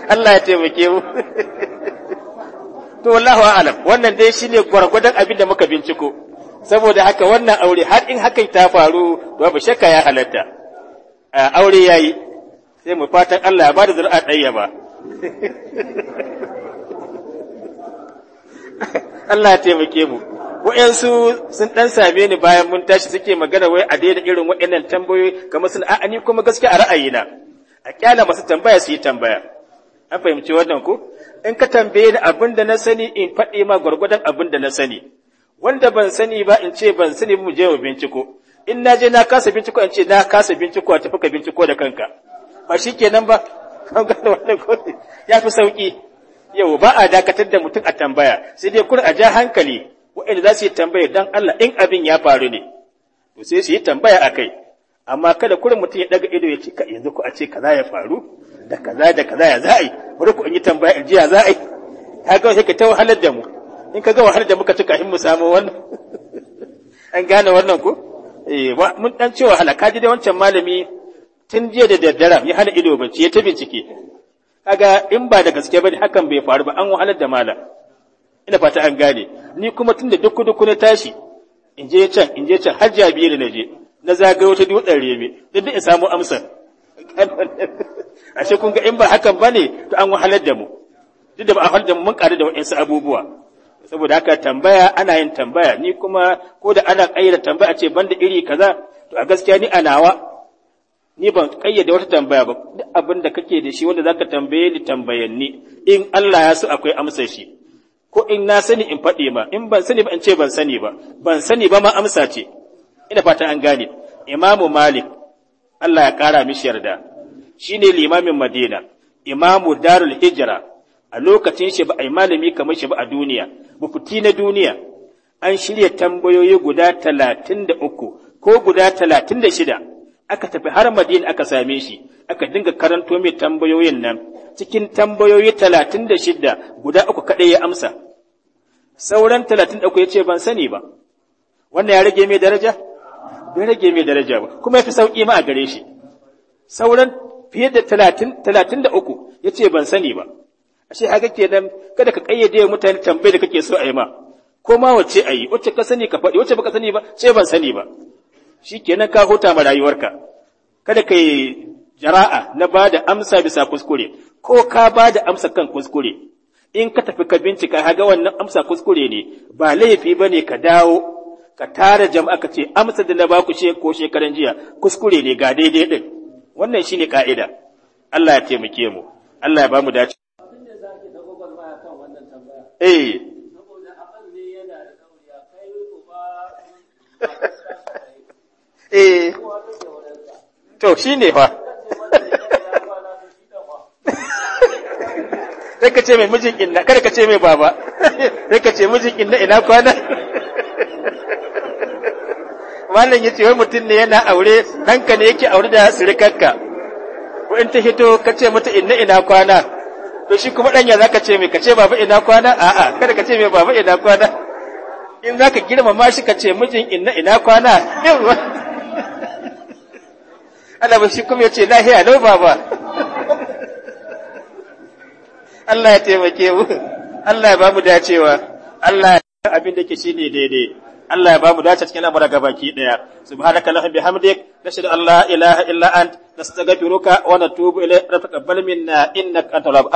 Allah ya taimake mu [laughs] to wallahu a'lam wannan dai shine gwargwadon abin da muka binciko saboda haka wannan aure har in hakan ta faru babu shakka ya halatta aure yayi sai mu fatan Allah ya ba da zuri'a ɗaya ba [laughs] Allah ya taimake mu waɗansu sun ɗan same ni bayan mun tashi suke magana wai a daida irin waɗannan tambayoyi kamar sun a'a ni kuma gaskiya a ra'ayina a kyala masu tambaya su yi tambaya an fahimci wannan ku in ka tambaye ni abin da na sani in faɗi ma gwargwadon abin da na sani wanda ban sani ba in ce ban sani mu je mu binciko in na je na kasa binciko in ce na kasa binciko a tafi ka binciko da kanka ba shi kenan ba ya fi sauki yau ba a dakatar da mutum a tambaya sai dai kun a ja hankali waɗanda za su yi tambaya dan Allah in abin ya faru ne to sai su yi tambaya a kai amma kada kurin mutum ya ɗaga ido ya ce ka yanzu ku a ce kaza ya faru da kaza da kaza ya za'a yi bari ku in yi tambaya in ji ya za'a yi haka sai ka ta wahalar da mu in ka ga wahalar da muka ci kafin mu samu wannan [laughs] an gane wannan ko eh mun dan ce wahala ka ji da wancan malami tun jiya da daddare ya hana ido bacci ya ta bincike kaga in ba da gaske bane hakan bai faru ba an wahalar da malam ina fata an gane ni kuma tun da dukku dukku na tashi in je can in je can har jabiru na je na zagayo ta dutsen reme duk in samu amsar [laughs] ashe kun ga in ba hakan bane to an wahalar da mu duk da ba a wahalar da mu mun karu da waɗansu abubuwa saboda haka tambaya ana yin tambaya ni kuma ko da ana ƙayyada tambaya ce banda iri kaza to a gaskiya ni a nawa ni ban kayyade wata tambaya ba duk abin da kake da shi wanda zaka tambaye ni tambayen in Allah ya so akwai amsar shi ko in na sani in faɗi ma in ban sani ba in ce ban sani ba ban sani ba ma amsa ce ina fata an gane imamu malik Allah ya ƙara mishi yarda shine limamin madina imamu darul hijra a lokacin shi ba a yi malami kamar shi ba a duniya mufti na duniya an shirya tambayoyi guda talatin da uku ko guda talatin da shida aka tafi har madina aka same shi aka dinga karanto mai tambayoyin nan cikin tambayoyi talatin da shidda guda uku kaɗai ya amsa sauran talatin da uku ya ce ban sani ba wannan ya rage mai daraja bai rage mai daraja ba kuma ya fi sauƙi ma a gare shi sauran fiye da talatin talatin da uku ya ce ban sani ba ashe haka kenan kada ka ƙayyade wa mutane tambayi da kake so a yi ma ko ma wace a yi wacce ka sani ka faɗi wacce baka sani ba ce ban sani ba shi kenan ka huta ma rayuwarka kada ka yi jara'a na ba da amsa bisa kuskure ko ka ba da amsa kan kuskure in ka tafi ka bincika haga wannan amsa kuskure ne ba laifi ba ne ka dawo ka tara jama'a ka ce amsa da na baku she ko shekaran jiya kuskure ne ga daidai din wannan shine ka'ida Allah ya taimake mu Allah ya ba mu dace eh [laughs] eh to shi ne fa sai ka ce mai mijin inna kada ka ce mai baba sai ka ce mijin inna ina kwana wannan ya ce wai mutum ne yana aure ɗanka ne yake aure da sirikanka ko in ta hito ka ce mata inna ina kwana to shi kuma ɗanya za ka ce mai ka ce baba ina kwana a'a kada ka ce mai baba ina kwana in za ka girmama shi ka ce mijin inna ina kwana ɗalibin shi kuma ya ce lahiya lau baba Allah ya taimake mu Allah ya bamu dacewa Allah ya abin da ke shi ne daidai Allah ya bamu dace cikin lamura ga baki daya subhanaka lahum bihamdik nashhadu an la ilaha illa ant nastaghfiruka wa natubu ilayk rabbana minna innaka antal